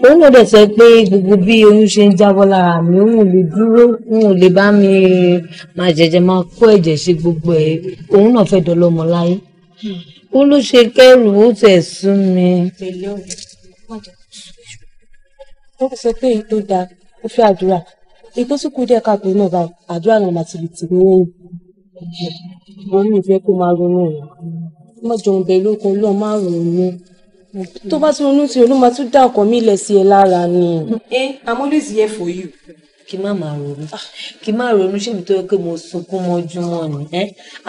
òun náà dẹ̀ sọ pé gbogbo bí oyún ṣe ń jábọ́ lára mi òun ò lè dúró òun ò lè bá mi máa jẹ̀jẹ̀ máa kó ẹ̀jẹ̀ ṣe gbogbo ẹ̀ òun náà fẹ́ dọlọ́mọ láyé ó ló ṣe kẹrù ó tẹ̀ sú mi. wọ́n sọ pé èyí tó dáa ó fẹ́ àdúrà èyí tó sì kú díẹ̀ káàtó náà bá àdúrà náà láti lè tì mí lẹ́yìn mo ní ìfẹ́ kó máa ronú rẹ̀ má jọun bẹ̀ lóko lọ́ọ́ má ronú tó bá tún ronú tí olú máa tún dá ọkàn mi lẹ̀ sí ẹ lára ni. ẹ amúlùsí yẹ fòyù kí má máa ronú ah, kí má ronú ṣèbí tó yẹ pé mo sunkún mọ́júmọ́ ni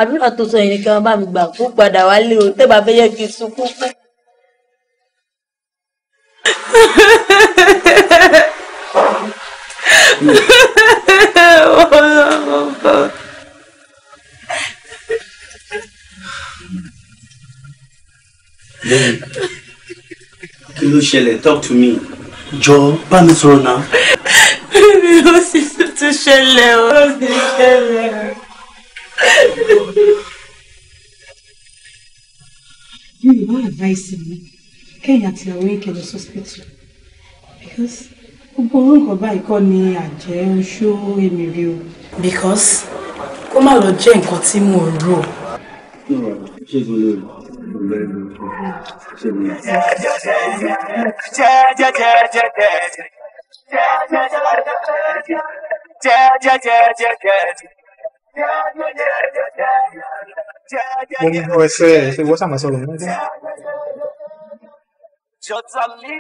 àdúrà tó sọ yẹn ni kí wọ́n bá mi gbà kó padà wálé o tẹ́ bá fẹ́ yẹ kí sunkún fún. kí talk to me jọ bá mi sọ̀rọ̀ náà ló sì tún ṣẹlẹ̀ o ló You ṣẹlẹ̀ o. mi ò wá advice mi kẹ́yìn àti àwọn èkè lọ because gbogbo orúkọ báyìí kọ́ ni àjẹ́ oṣó èmi rí o. because kó má lọ jẹ́ nǹkan tí mo rò. ṣé kí ló rí? Jẹ́ jẹ́ jẹ́ No, ese, ese goza más solo, ¿no? Just a little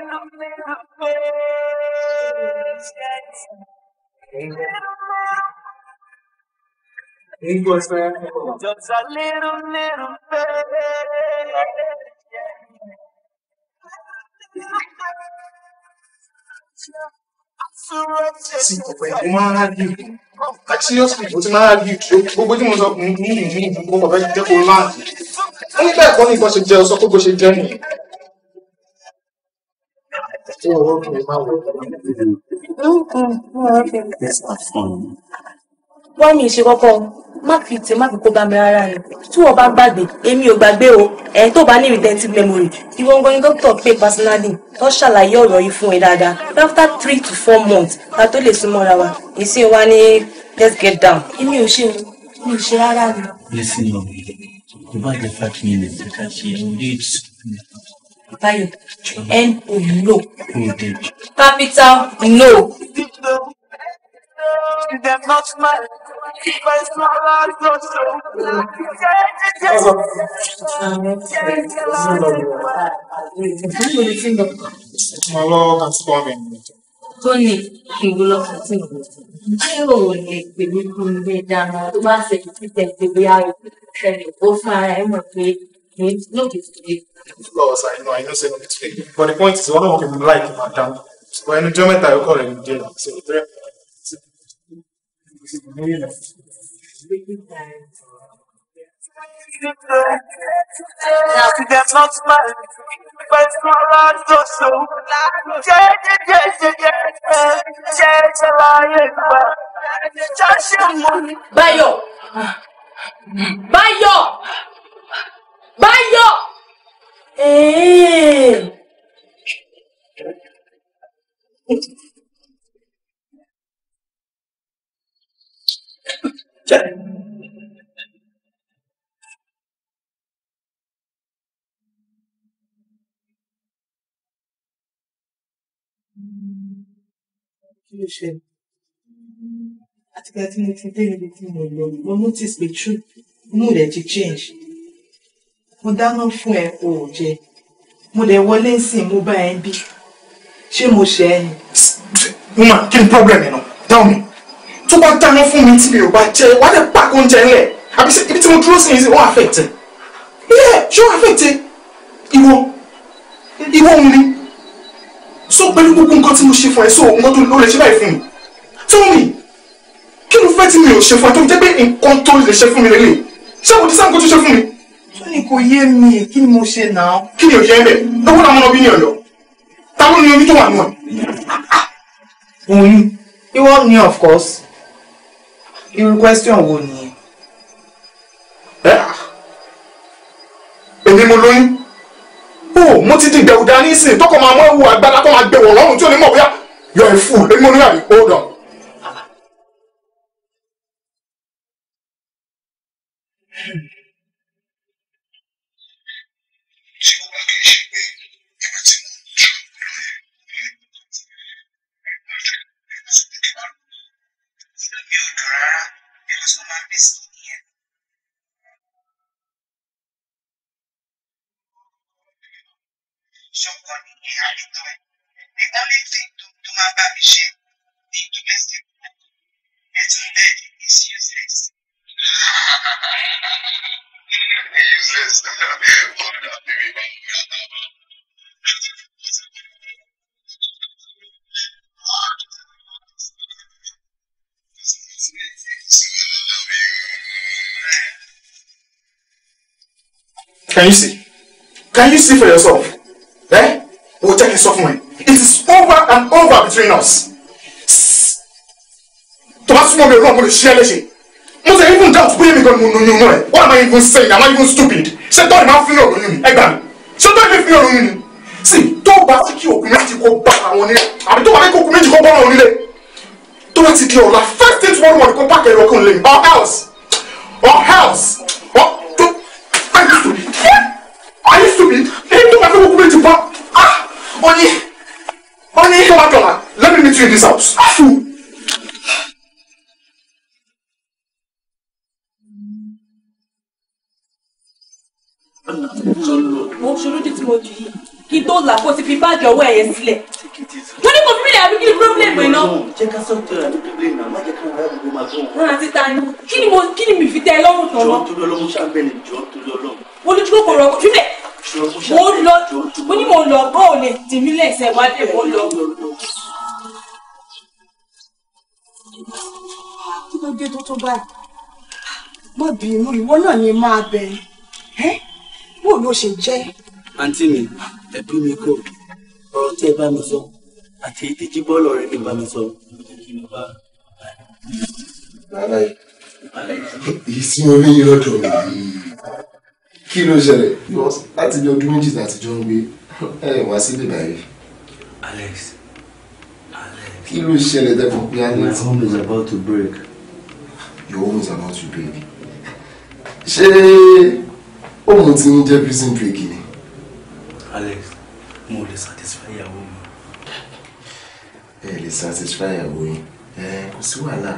Just a little, little sí ọ̀pọ̀ ẹ̀kọ́ máa ń rárí ìlú àti seriously mo ti máa ń rárí ìlú gbogbo tí mo sọ mú mú mú mú mo fẹ́ jẹ́ kó láàbì ó ní bẹ́ẹ̀ kọ́ ní nǹkan ṣe jẹ́ ọ sọ pé bó ṣe jẹ́ nìyẹn. ṣé ọwọ́ kìí máa wọ̀ ọ́? wọ́n mi ìṣe kọ́kọ́ má fi tè má fi kó bá mi rárá ni tí wọ́n bá gbàgbé èmi ò gbàgbé o ẹ̀ tó bá ní retentive memory ìwọ̀n gan ni dókítà pé personally tó ṣàlàyé ọ̀rọ̀ yìí fún ẹ dáadáa after three to four months ká tó lè sún mọ́ra wa èsì wa ní let's get down èmi ò ṣe o mi ò ṣe rárá ni. listen o kò bá the five minutes ẹ ká ṣe engage. Báyọ̀ n o no. capital no. Them not my Because Tóní ìgbòlò fún mi. Yóò lè pè mí kún mi dáná tó bá ṣe títẹ̀ tí bí a ṣe lè kó fún ara ẹ̀ mọ̀ pé mi lókè tó dé. Of course, I know, I know, say lókè tó dé. But the point is, ọlọ́run kò like madam. Ṣùgbọ́n ẹnu jọ́ mẹ́ta yóò kọ̀ rẹ̀ ní díẹ̀ náà. Báyọ̀! Báyọ̀! Báyọ̀! eh. Check. Kí ló ṣe? Àtìgbà tí mo ti dé ibi tí notice pé true inú rẹ̀ ti change. Mo dáná fún ẹ o ò jẹ. Mo lè wọlé nsìn mo bá ẹ bí. Ṣé mo ṣe ẹ kí ni problem ẹ̀ náà? Tell me tó bá dáná fún mi tí mi ò bá jẹ wà á dẹ̀ pàkó oúnjẹ ńlẹ̀ àbí ibi tí mo dúró sí yìí wọ́n àfẹ́tẹ̀ yẹ ṣé wọ́n àfẹ́tẹ̀ ìwọ ìwọ ń rí so pẹ̀lú gbogbo nǹkan tí mo ṣe fún ẹ so nǹkan tó ló lè ṣe báyìí fún mi tell me kí ló fẹ́ tí mi ò ṣe fún ẹ tó jẹ́ pé nǹkan tó lè ṣe fún mi lélẹ̀ ṣé kò tí sáà nǹkan tó ṣe fún mi. tó ní kò yé mi kí ni mo ṣe náà. kí ni ò yẹ ẹ bẹ́ẹ̀ lọ́wọ́ làwọn ọmọ bí ní ọ̀yọ́ táwọn ní omi tó wà nù ẹ̀. oyún ìwọ ni of course irú question wo nìyẹn. èmi mo lóyún o mo ti di ìdẹ̀wù dání sí i tọkọ máa mọ ewu àgbàdá tó máa gbẹwò lọ́rùn tí ò ní mọ̀ bóyá yọ ẹ̀fù èmi mo lóyún àbí hold on. doigt. Et quand les tout tout m'a pas biché, et tout est c'est useless. Useless. Can you see? Can you see for yourself? any suffering it is over and over between us To ask me mi ọlọ́run mo lè ṣí ẹ léṣe mo even doubt bóyá mi gan mo lóyún náà ẹ am I even saying am I even stupid Say don't even feel fún me, lóyún Say don't even feel ṣé me. See, fún yàn lóyún mi sì tó bá ti kí òkú méjì kó bá àwọn onílé àbí tó bá ti kí òkú méjì kó bá àwọn onílé tó first thing to morning kó pàkẹ́ ẹ̀rọ kan lè or else or else or tó are you stupid are you stupid èyí don't bá ti kí òkú Oni! Oni! Come on, come on. Let me meet you in this house. Afu. Ah, Fool! Mo ṣe lóde tí mo jù yìí. Kí tó là kó ti fi báàgì ọwọ́ ẹ̀yẹ sílẹ̀. Mo ní kò fi mílẹ̀ àbí kí ni pírọ́blẹ̀mù iná. Jẹ́ ká sọ̀rọ̀ tẹ̀lé àbí pírọ́blẹ̀mù náà, má jẹ́ ká wọ́n gbogbo máa tó. Wọ́n àti ta ni kí ni mi fi tẹ ẹ lọ́rùn tán lọ? Jọ́ torí ọlọ́run ṣàgbẹ́ ni jọ́ torí ọlọ́run. Olùdókòrò ọkọ̀ fífẹ̀ mo ń lọ mo ní mo ń lọ bó o lè dì mí lẹ́sẹ̀ wá dé mo ń lọ. kí ló dé tó tó báyìí má bínú ìwọ náà ni máa bẹ ẹ bó ló ṣe jẹ. àǹtí mi ẹbí mi kò ọ̀rọ̀ tí ẹ bá mi sọ àti ìdíjí rẹ ti bá mi sọ. ìsinmi orí yóò dùn mí kí ló ṣẹlẹ̀ láti bí ọdún méjì láti jọ ń gbé ẹ wá sí bíbá yìí. Alex kí ló ṣẹlẹ̀ dẹ́kun pé Alex. my home is about to break. your home is about to break. ṣé òun ti ń jẹ́ prison break ni. Alex mo lè satisfy ìyàwó mi. ẹ lè satisfy ìyàwó yín kò sí wàhálà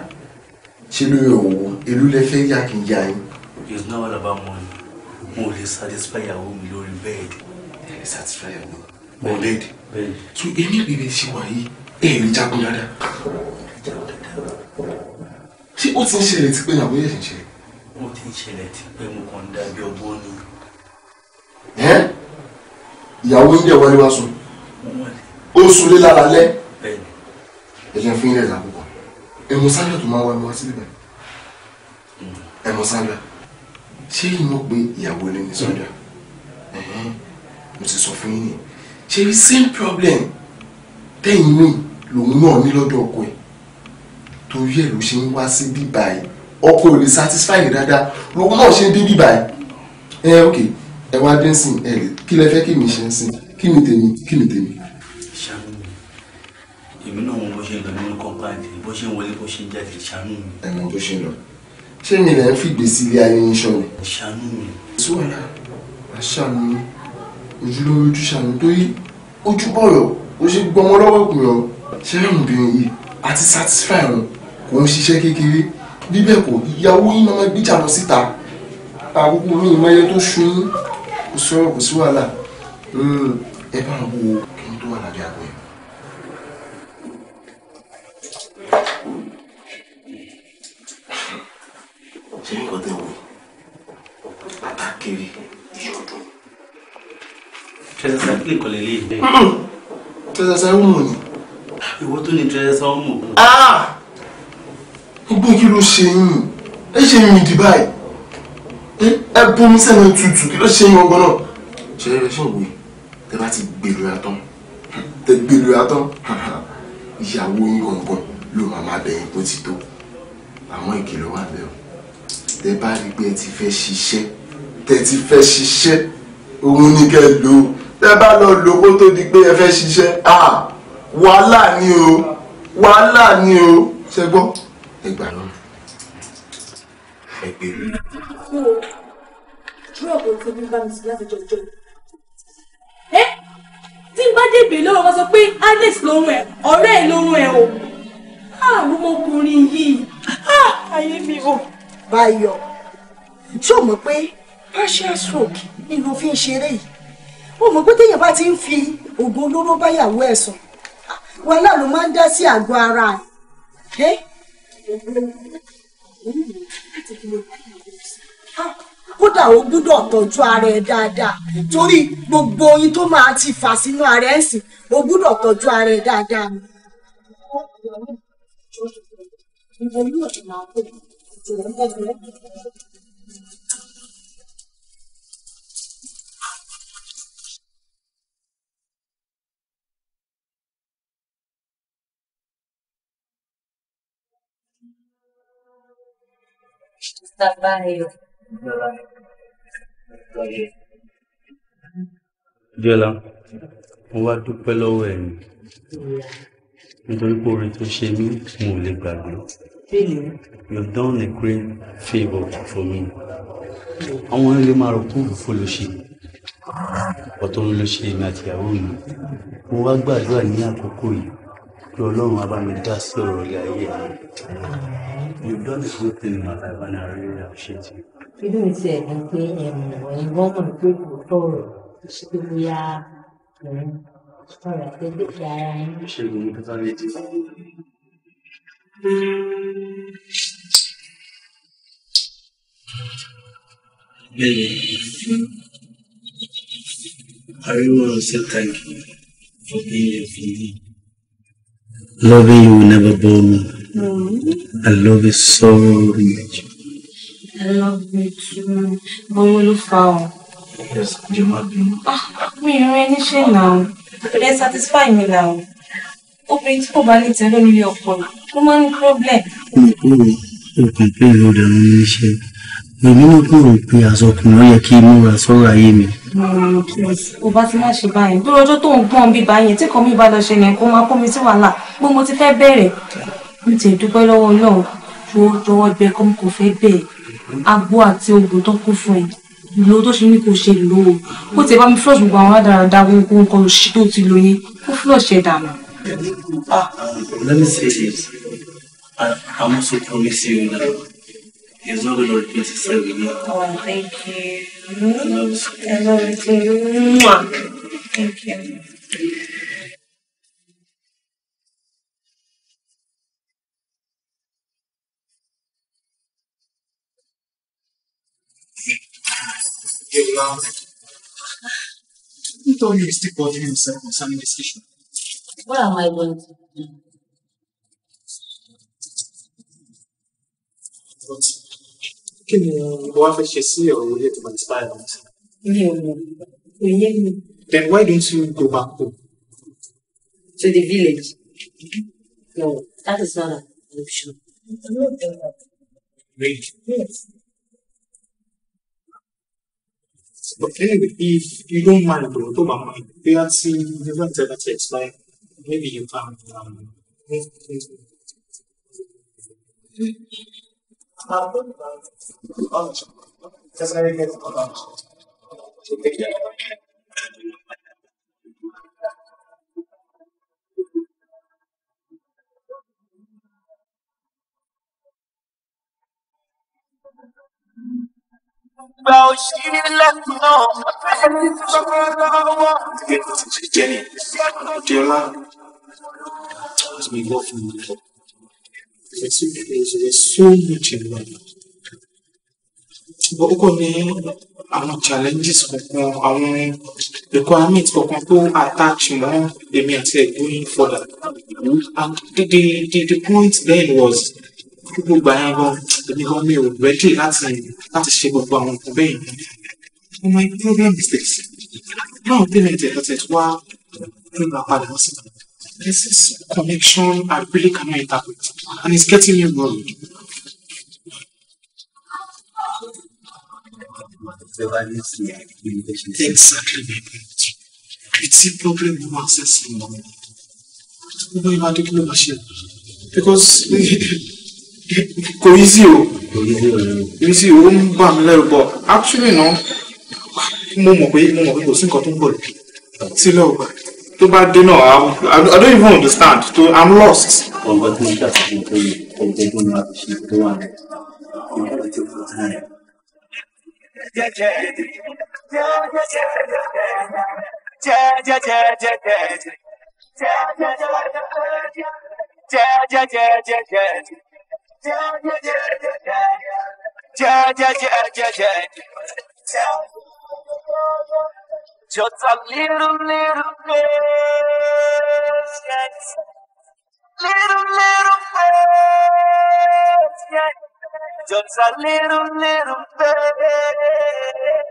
ṣé lóye òun elú lẹ fẹ́ yá kí n yá yín. it's not all about money mo lè satisfy ìyàwó mi lórí bẹ́ẹ̀dì. ẹ satisfy ìyàwó mi lórí bẹ́ẹ̀dì. so èmi bèbè ṣe wà yìí ẹ ní jagun dáadáa. ṣé ó ti ń ṣẹlẹ̀ tipẹ́ ní àbúyẹ̀ ṣe ń ṣẹlẹ̀. ó ti ń ṣẹlẹ̀ tipẹ́ mo kàn ń dàbí ọgbọ́n ni. ìyàwó ń jẹ́ wọlé wá sùn ó sùn lé lára lẹ́ ẹ̀jẹ̀ fún ilẹ̀ ìlà púpọ̀ ẹ̀mú sáyẹ̀ tó máa wọ ẹ̀mú wá síbẹ̀ mm. ẹ̀mú ṣé mo pe ìyàwó ilé ní sọ́jà mo ti sọ fún yín ni ṣe rí same problem tẹ́yìn mi lòun náà ní lọ́dọ̀ ọkọ ẹ̀ torí ẹ̀ ló ṣe ń wá sí bíbá ẹ̀ ọkọ ẹ̀ lè satisfy rẹ̀ dáadáa lòun náà ṣe ń dé bíbá ẹ̀ ẹ ok ẹ wá dé sìn ẹ lè kí lẹ fẹ́ kí mi ṣe ń sìn kí ni tèmi kí ni tèmi. ṣàánú mi èmi náà wọn bó ṣe ń lọ nínú kọ́ńpáàdì bó ṣe ń wọlé bó ṣe ń jáde ṣàánú mi. ẹ bó ṣe ń lọ ṣé mi lẹ ń fìgbé sí ilé ayé yín ṣọ ni. ṣàánú mi. sùwàrà àṣàánú ojúlówó ojú ṣàánú torí ojú bọ̀rọ̀ ó ṣe gbọmọ lọ́wọ́ ìkùrọ̀ ṣé ọmọbìnrin yìí àti satisfy wọn kò ń ṣiṣẹ́ kékeré bí bẹ́ẹ̀ kọ́ ìyàwó yín máa gbéjà lọ síta àkókò mi ìmọ̀yẹ tó ṣun kò sọ̀rọ̀ kò sí wàhálà hmm, ẹ bá wo kí n tó wà lábẹ́ àgbẹ̀. tẹsẹsẹ kí nǹkan lè lè. tẹsẹsẹ ń mú ni. ìwọ tó ní tẹsẹsẹ ń mú. Ah! gbogbo kí ló ṣe yín ẹ ṣe yín ìdí báyìí ẹ bún mi sẹ́nu tutù kí ló ṣe yín ọgbọ́n náà. ṣe é ṣe òwe tẹ bá ti gbèrú ya tán tẹ gbèrú ya tán [LAUGHS] ìyàwó yín gangan ló máa máa bẹ̀yìn bó ti tó àmọ́ ìkìlọ̀ wà bẹ́ẹ̀ o tẹ bá rí pé ẹ ti fẹ́ ṣiṣẹ́ tẹ ti fẹ́ ṣiṣẹ́ òun ní kẹ́ lò ó tẹ́ bá lọ lò kó tó di pé ẹ fẹ́ ṣiṣẹ́ wàhálà ni o wàhálà ni o ṣe gbọ́ ẹ gbà lọ ẹ pè mí. trọ́ọ̀kù ti ní bá mi sí láti jọjọ. ẹ tí n bá débè lọ́wọ́ wọn sọ pé alex lóhun ẹ̀ ọ̀rẹ́ ẹ̀ lóhun ẹ̀ o àrùmọkùnrin yìí ayé mi ò. báyọ̀ ṣó mọ̀ pé partial stroke ni mo fi ń ṣeré yìí ó mọ̀ pé téèyàn bá ti ń fi oògùn olóró báyàwó ẹ̀ sùn wàhálà ló máa ń dá sí àgọ́ ara ẹ̀. kódà ó gbúdọ̀ tọ́jú ara ẹ̀ dáadáa torí gbogbo oyin tó máa ti fà sínú ara ẹ̀ sìn ó gbúdọ̀ tọ́jú ara ẹ̀ dáadáa. Ìwọ yóò ti máa kó ìṣòro ń bẹ̀rẹ̀. Trabalho. Jọ́lá, mo wá dúpẹ́ lọ́wọ́ ẹ̀ ni. Nítorí pé orin tó ṣe mí, mo lè gbàgbé. You've done a great favour for me. Àwọn ilé máa rọ̀ kúrò fún olóṣè. Ọ̀tọ̀ olóṣè mi àti ìyàwó mi. Mo wá gbàdúrà ní àkókò yìí. Kí Ọlọ́run á bá mi dá sí ọ̀rọ̀ ilé ayé mi. You've done this good thing in my life, and I really appreciate you. We dùn sí ẹ̀ gan you ẹ̀yìn wọ́n mọ̀ pé kò tọ̀rọ̀ kò sí pé bóyá ẹ̀yìn tọ̀rọ̀ àtẹ́gbẹ́ ti ara yín. Ṣé gbogbo I want to say thank you for being there me. Loving you never bore me. Mm. I love you so much. I love you too. Bọ́mọlú fa o. Yes, do you not be? Ah, mi ò rẹ níṣẹ́ now. Kò dé satisfy me now. Obìnrin tí kò bá ní tẹ́lẹ̀ nílé ọpọlọ, ó máa ń problem. O kàn pé ìlú ọ̀dọ̀ àwọn oníṣẹ́. Èmi náà kúrò pé àsọkùnrin ó yẹ kí n múra sọ́rọ̀ ayé kò bá ti má ṣe báyìí dúró ọjọ́ tó ń gbọ́n bí báyìí tí kò mí bá lọ ṣe yẹn kó máa kó mi sí wàhálà pé mo ti fẹ́ bẹ̀rẹ̀ mo ti dúpẹ́ lọ́wọ́ Ọlọ́run tó jọ̀wọ́ bẹ kọ́ kò fẹ́ bẹ́ẹ̀ agbo àti oògùn tó kún fún ẹ ìlò tó ṣe ní kò ṣe lò ó kó tiẹ̀ bá mi flush gbogbo àwọn rádaràda gbogbo nǹkan òṣì tó ti lò yẹn flush ẹ̀ dànù. Ah, let me say this. I, I also promise you that Ontem né? então, que. Eu Oh, Thank you. Então, este pode me ser com sangue Well, my lord. What if she's here or yet to inspire us? Then why don't you go back home? To the village? No, that is not an option. Really? Yes. But anyway, if you don't mind, bro, don't mind. We are seeing different alternatives. Like maybe you can um, 啊，不不不，啊，不不不，再说一遍，不不不，就别讲了。It's, it's, there's so much in love. But ó ní àwọn challenges kankan, àwọn requirements kankan tó attach more. They may say going further. And the, the, the, the point then was gbogbo àyàn gan èmi gan mi ò ready That's láti ṣe gbogbo àwọn nǹkan bẹ́ẹ̀ yẹn. My problem is this. Náà bí mi tẹ̀ tẹ̀ tẹ̀ wá nígbà not wọ́n This is connection I really cannot interpret, and it's getting me worried. Exactly baby. It's a problem of accessing money. Gbogbo ìmọ̀ adé kí ló Because [LAUGHS] kò easy o. Easy o ń bà mí lẹ́rù bọ̀. Actually no. mo mọ̀ pé mo mọ̀ pé kò sí nǹkan tó ń bọ̀ Sílẹ̀ ọgbà tó you know, náà i don't even understand to i'm lost. ọgbọ́n tí Yeah, yeah, yeah, yeah, yeah. Just a little, little patience. Little, little patience. Just a little, little patience.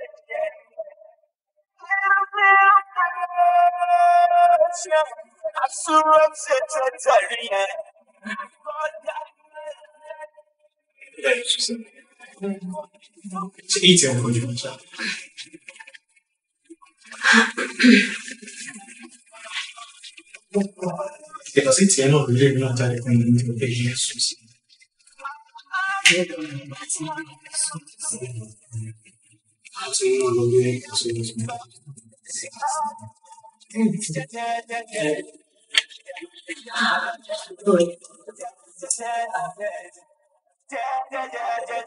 Little, little I surrender to the end. Yàtọ̀ sí tiẹ̀ náà lórí èmi náà jáde pé ní Yeah, yeah, yeah, yeah,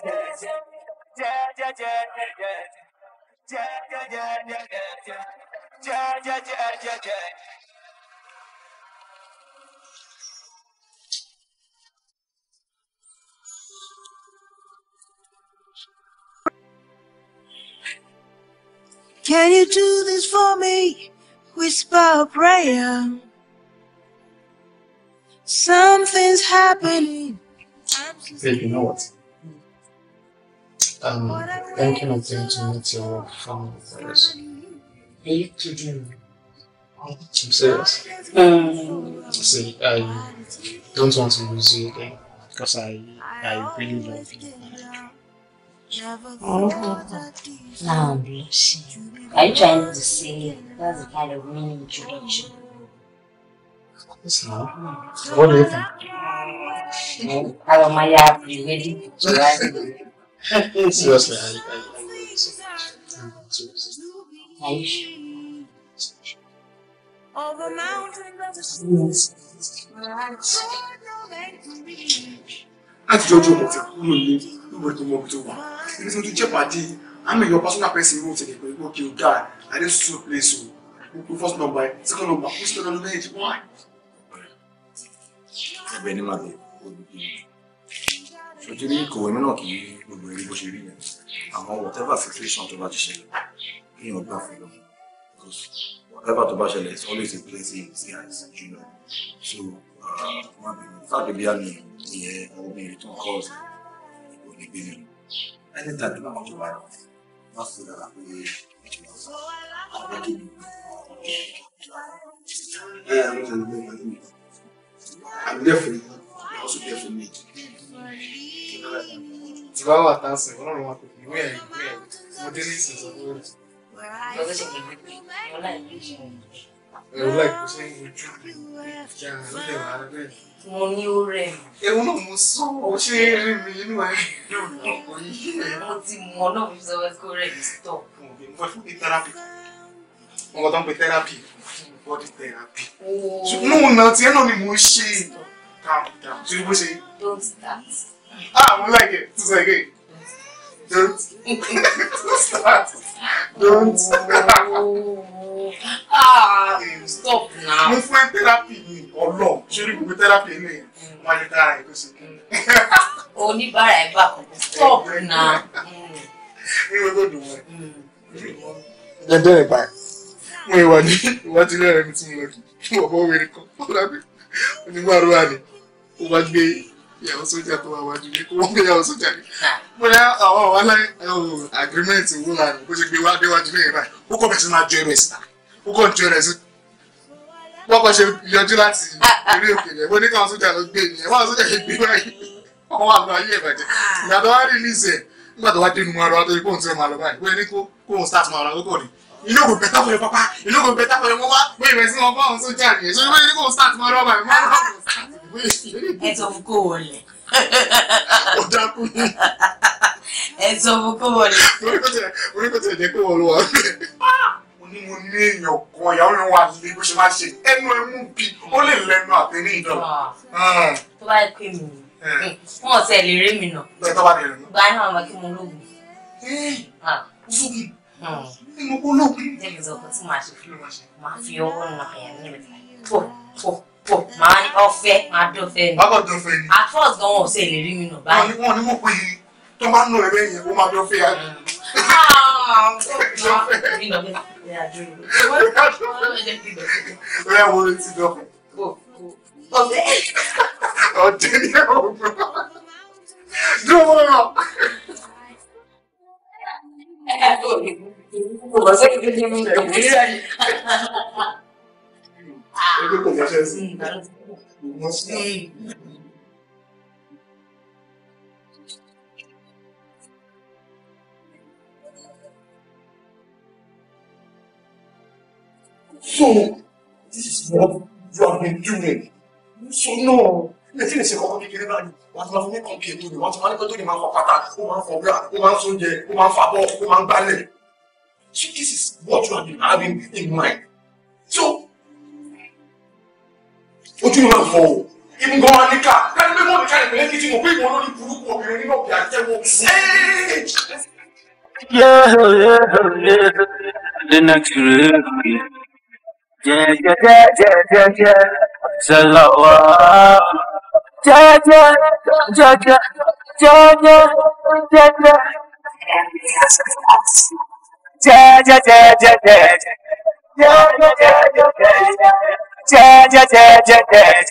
yeah, yeah, yeah, yeah, yeah. Can you do this for me? Whisper a prayer. Something's happening. i you know what? Um, Thank you, my dear, to meet your family first. I used to do. I'm serious. Um, See, I don't want to lose you again because I, I really love you. Oh, now I'm blushing. Are you trying to say that's the kind of meaning introduction? It's not. What do you think? How am I happy waiting to Seriously, I, I, I love you so much. Seriously. Are you sure? All ní ìwé tó mọ ibi tó wà ibi tó jẹ́ pàdé àmì your personal person ìwé òtẹ̀lẹ̀ pé okay o guy i dey place o o pe first number second number which number ló lẹ́yìn tí wọ́n. ẹgbẹ́ ni màá bẹ̀rẹ̀ olùdíje tó jẹ́ ní kò èmi náà kì í gbogbo eré bó ṣe rí yẹn àmọ́ whatever situation tó bá ti ṣẹlẹ̀ èèyàn gbà fún always a place in his eyes so má bẹ̀rẹ̀ fáàgbé bí a ní ìyẹn ọmọbìnrin tó ń kọ́ ọ̀sẹ̀ kò ní gbé mi I'm there for also there tí wàá wà tá a sìn ọlọ́run wa kò fi ìwé ẹ̀rí ìwé ẹ̀rí mo dé ní ìsìn sọ fún mi. ẹ̀rọ láìpẹ́ ṣe ń wojú ìjà lóde wà rẹ̀. mo ní ó rẹ̀. ewu náà mo sọ ọ ṣe é rí mi inú ẹ yóò lọ kó yí ẹ. mo ti mọ náà fi sọ wẹ́ẹ́ kó rẹ̀ ní stop. mo fẹ́ fún mi tẹ́rápì mo kọ́ tó ń pe tẹ́rápì body therapy. ṣùgbọ́n òun náà tiẹ̀ náà ni mo ṣe. calm down ṣe bó ṣe. don't start. Ah, don't like it. It's like, hey, don't. Stop. Don't. ah, stop now. Mo fún ẹ tẹ́rápì ni ọlọ́ ṣorí gbogbo tẹ́rápì ni mm. wọ́n á yẹ kára ẹ̀ tó ṣe kí. Oníbàárà ẹ̀ bá kọ̀ stop mm. now. Nínú tó dùn wọ́n. Mm. Ẹ it. pa ẹ̀. Mo ìwà ní ìwádìí rẹ̀ mi ti mú lọ kí. Mo bọ́ wẹ̀rẹ̀ kan. Onígbàrúwà ni ó wá gbé ìyàwó sójà tó wà wájú ní kó wọ́n gbé ìyàwó sójà ní. bóyá ah, àwọn ọ̀wá láì oh, agreement wò lánàá bó ṣe gbé wá déwájú ní ìrà ó kọ́ bẹ̀rẹ̀ sí máa ju ẹrù ẹ̀sìn ó kọ́ ju ẹrù ẹ̀sìn wọ́n kọ́ ṣe yọjú láti eré òkèlè wọ́n ní káwọn sójà ló gbé ìyẹn wọ́n sójà yìí gbé báyìí wọ́n wà lọ ayé ìbàjẹ́ ìgbà tó wá rí níìsẹ̀ nígbà tó wá dé nu ara wa tó yẹ kóhun ti máa lọ báyìí wọ́n ní kóhun start máa lọ lókòó ni you no go better for your papa you no go better for your mama wey you see wọn bá wọn sójà nìyẹn so when you go start tomorrow rọba ẹ máa rọba ẹ sọ fún kó wọlé. ó dákú ní. ẹ sọ fún kó wọlé. oníkòtò ẹ̀jẹ̀ pé wọ́n ló wà ní mo ní èèyàn kan ìyàwó mi wà nílé bó ṣe máa ṣe ẹnu ẹ mú bí ó lè lẹnu àtẹní ìdán. Ah. tó bá pè mí wọn ò tẹ̀lé rí mi nà. bẹ́ẹ̀ tó bá bẹ̀rẹ̀ nù. gba iná àwọn akíkún ológun. ẹ́ẹ́ nínú olóògùn. jẹ́bi sọ fún at first gan wọn ò ṣe ìlérí mi nù báyìí. wọn ni wọn pè Dúró wọ́n rọ̀. Ẹ kò kò bá sẹ́yìn tó ní mi lè wí láyé. ẹgbẹ́ kò mọṣẹ́ sí i kò mọṣẹ́ sí i. So, this is what you have been doing. So, no ẹtí lè ṣe kọ́kọ́ kékeré báyìí wọ́n ti máa fún mi kàn kí ètò ni wọ́n ti máa ní kó tó ní máa fọ pátá ó máa ń fọ bíra ó máa ń sóúnjẹ ó máa ń fàbọ̀ ó máa ń gbálẹ̀. So this is what you have been having in mind. So, ojú ìwà fọ o. Ìmùgọ̀ wa ní ká. Káni pé wọ́n mi káni yeah, yeah. ti mọ̀ pé ìwọ yeah, yeah. obìnrin nínú ọ̀bì àjẹwò. Dina kiri jẹjẹjẹjẹjẹ sẹlẹwa jẹjẹjẹjẹjẹjẹjẹ. जय जय जय जय जय जय जय जय जय जय जय जय जय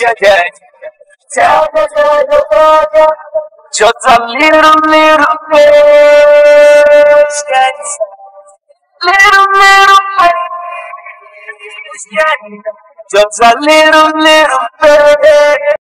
जय जय just a little little bit little little bit just a little, little bit.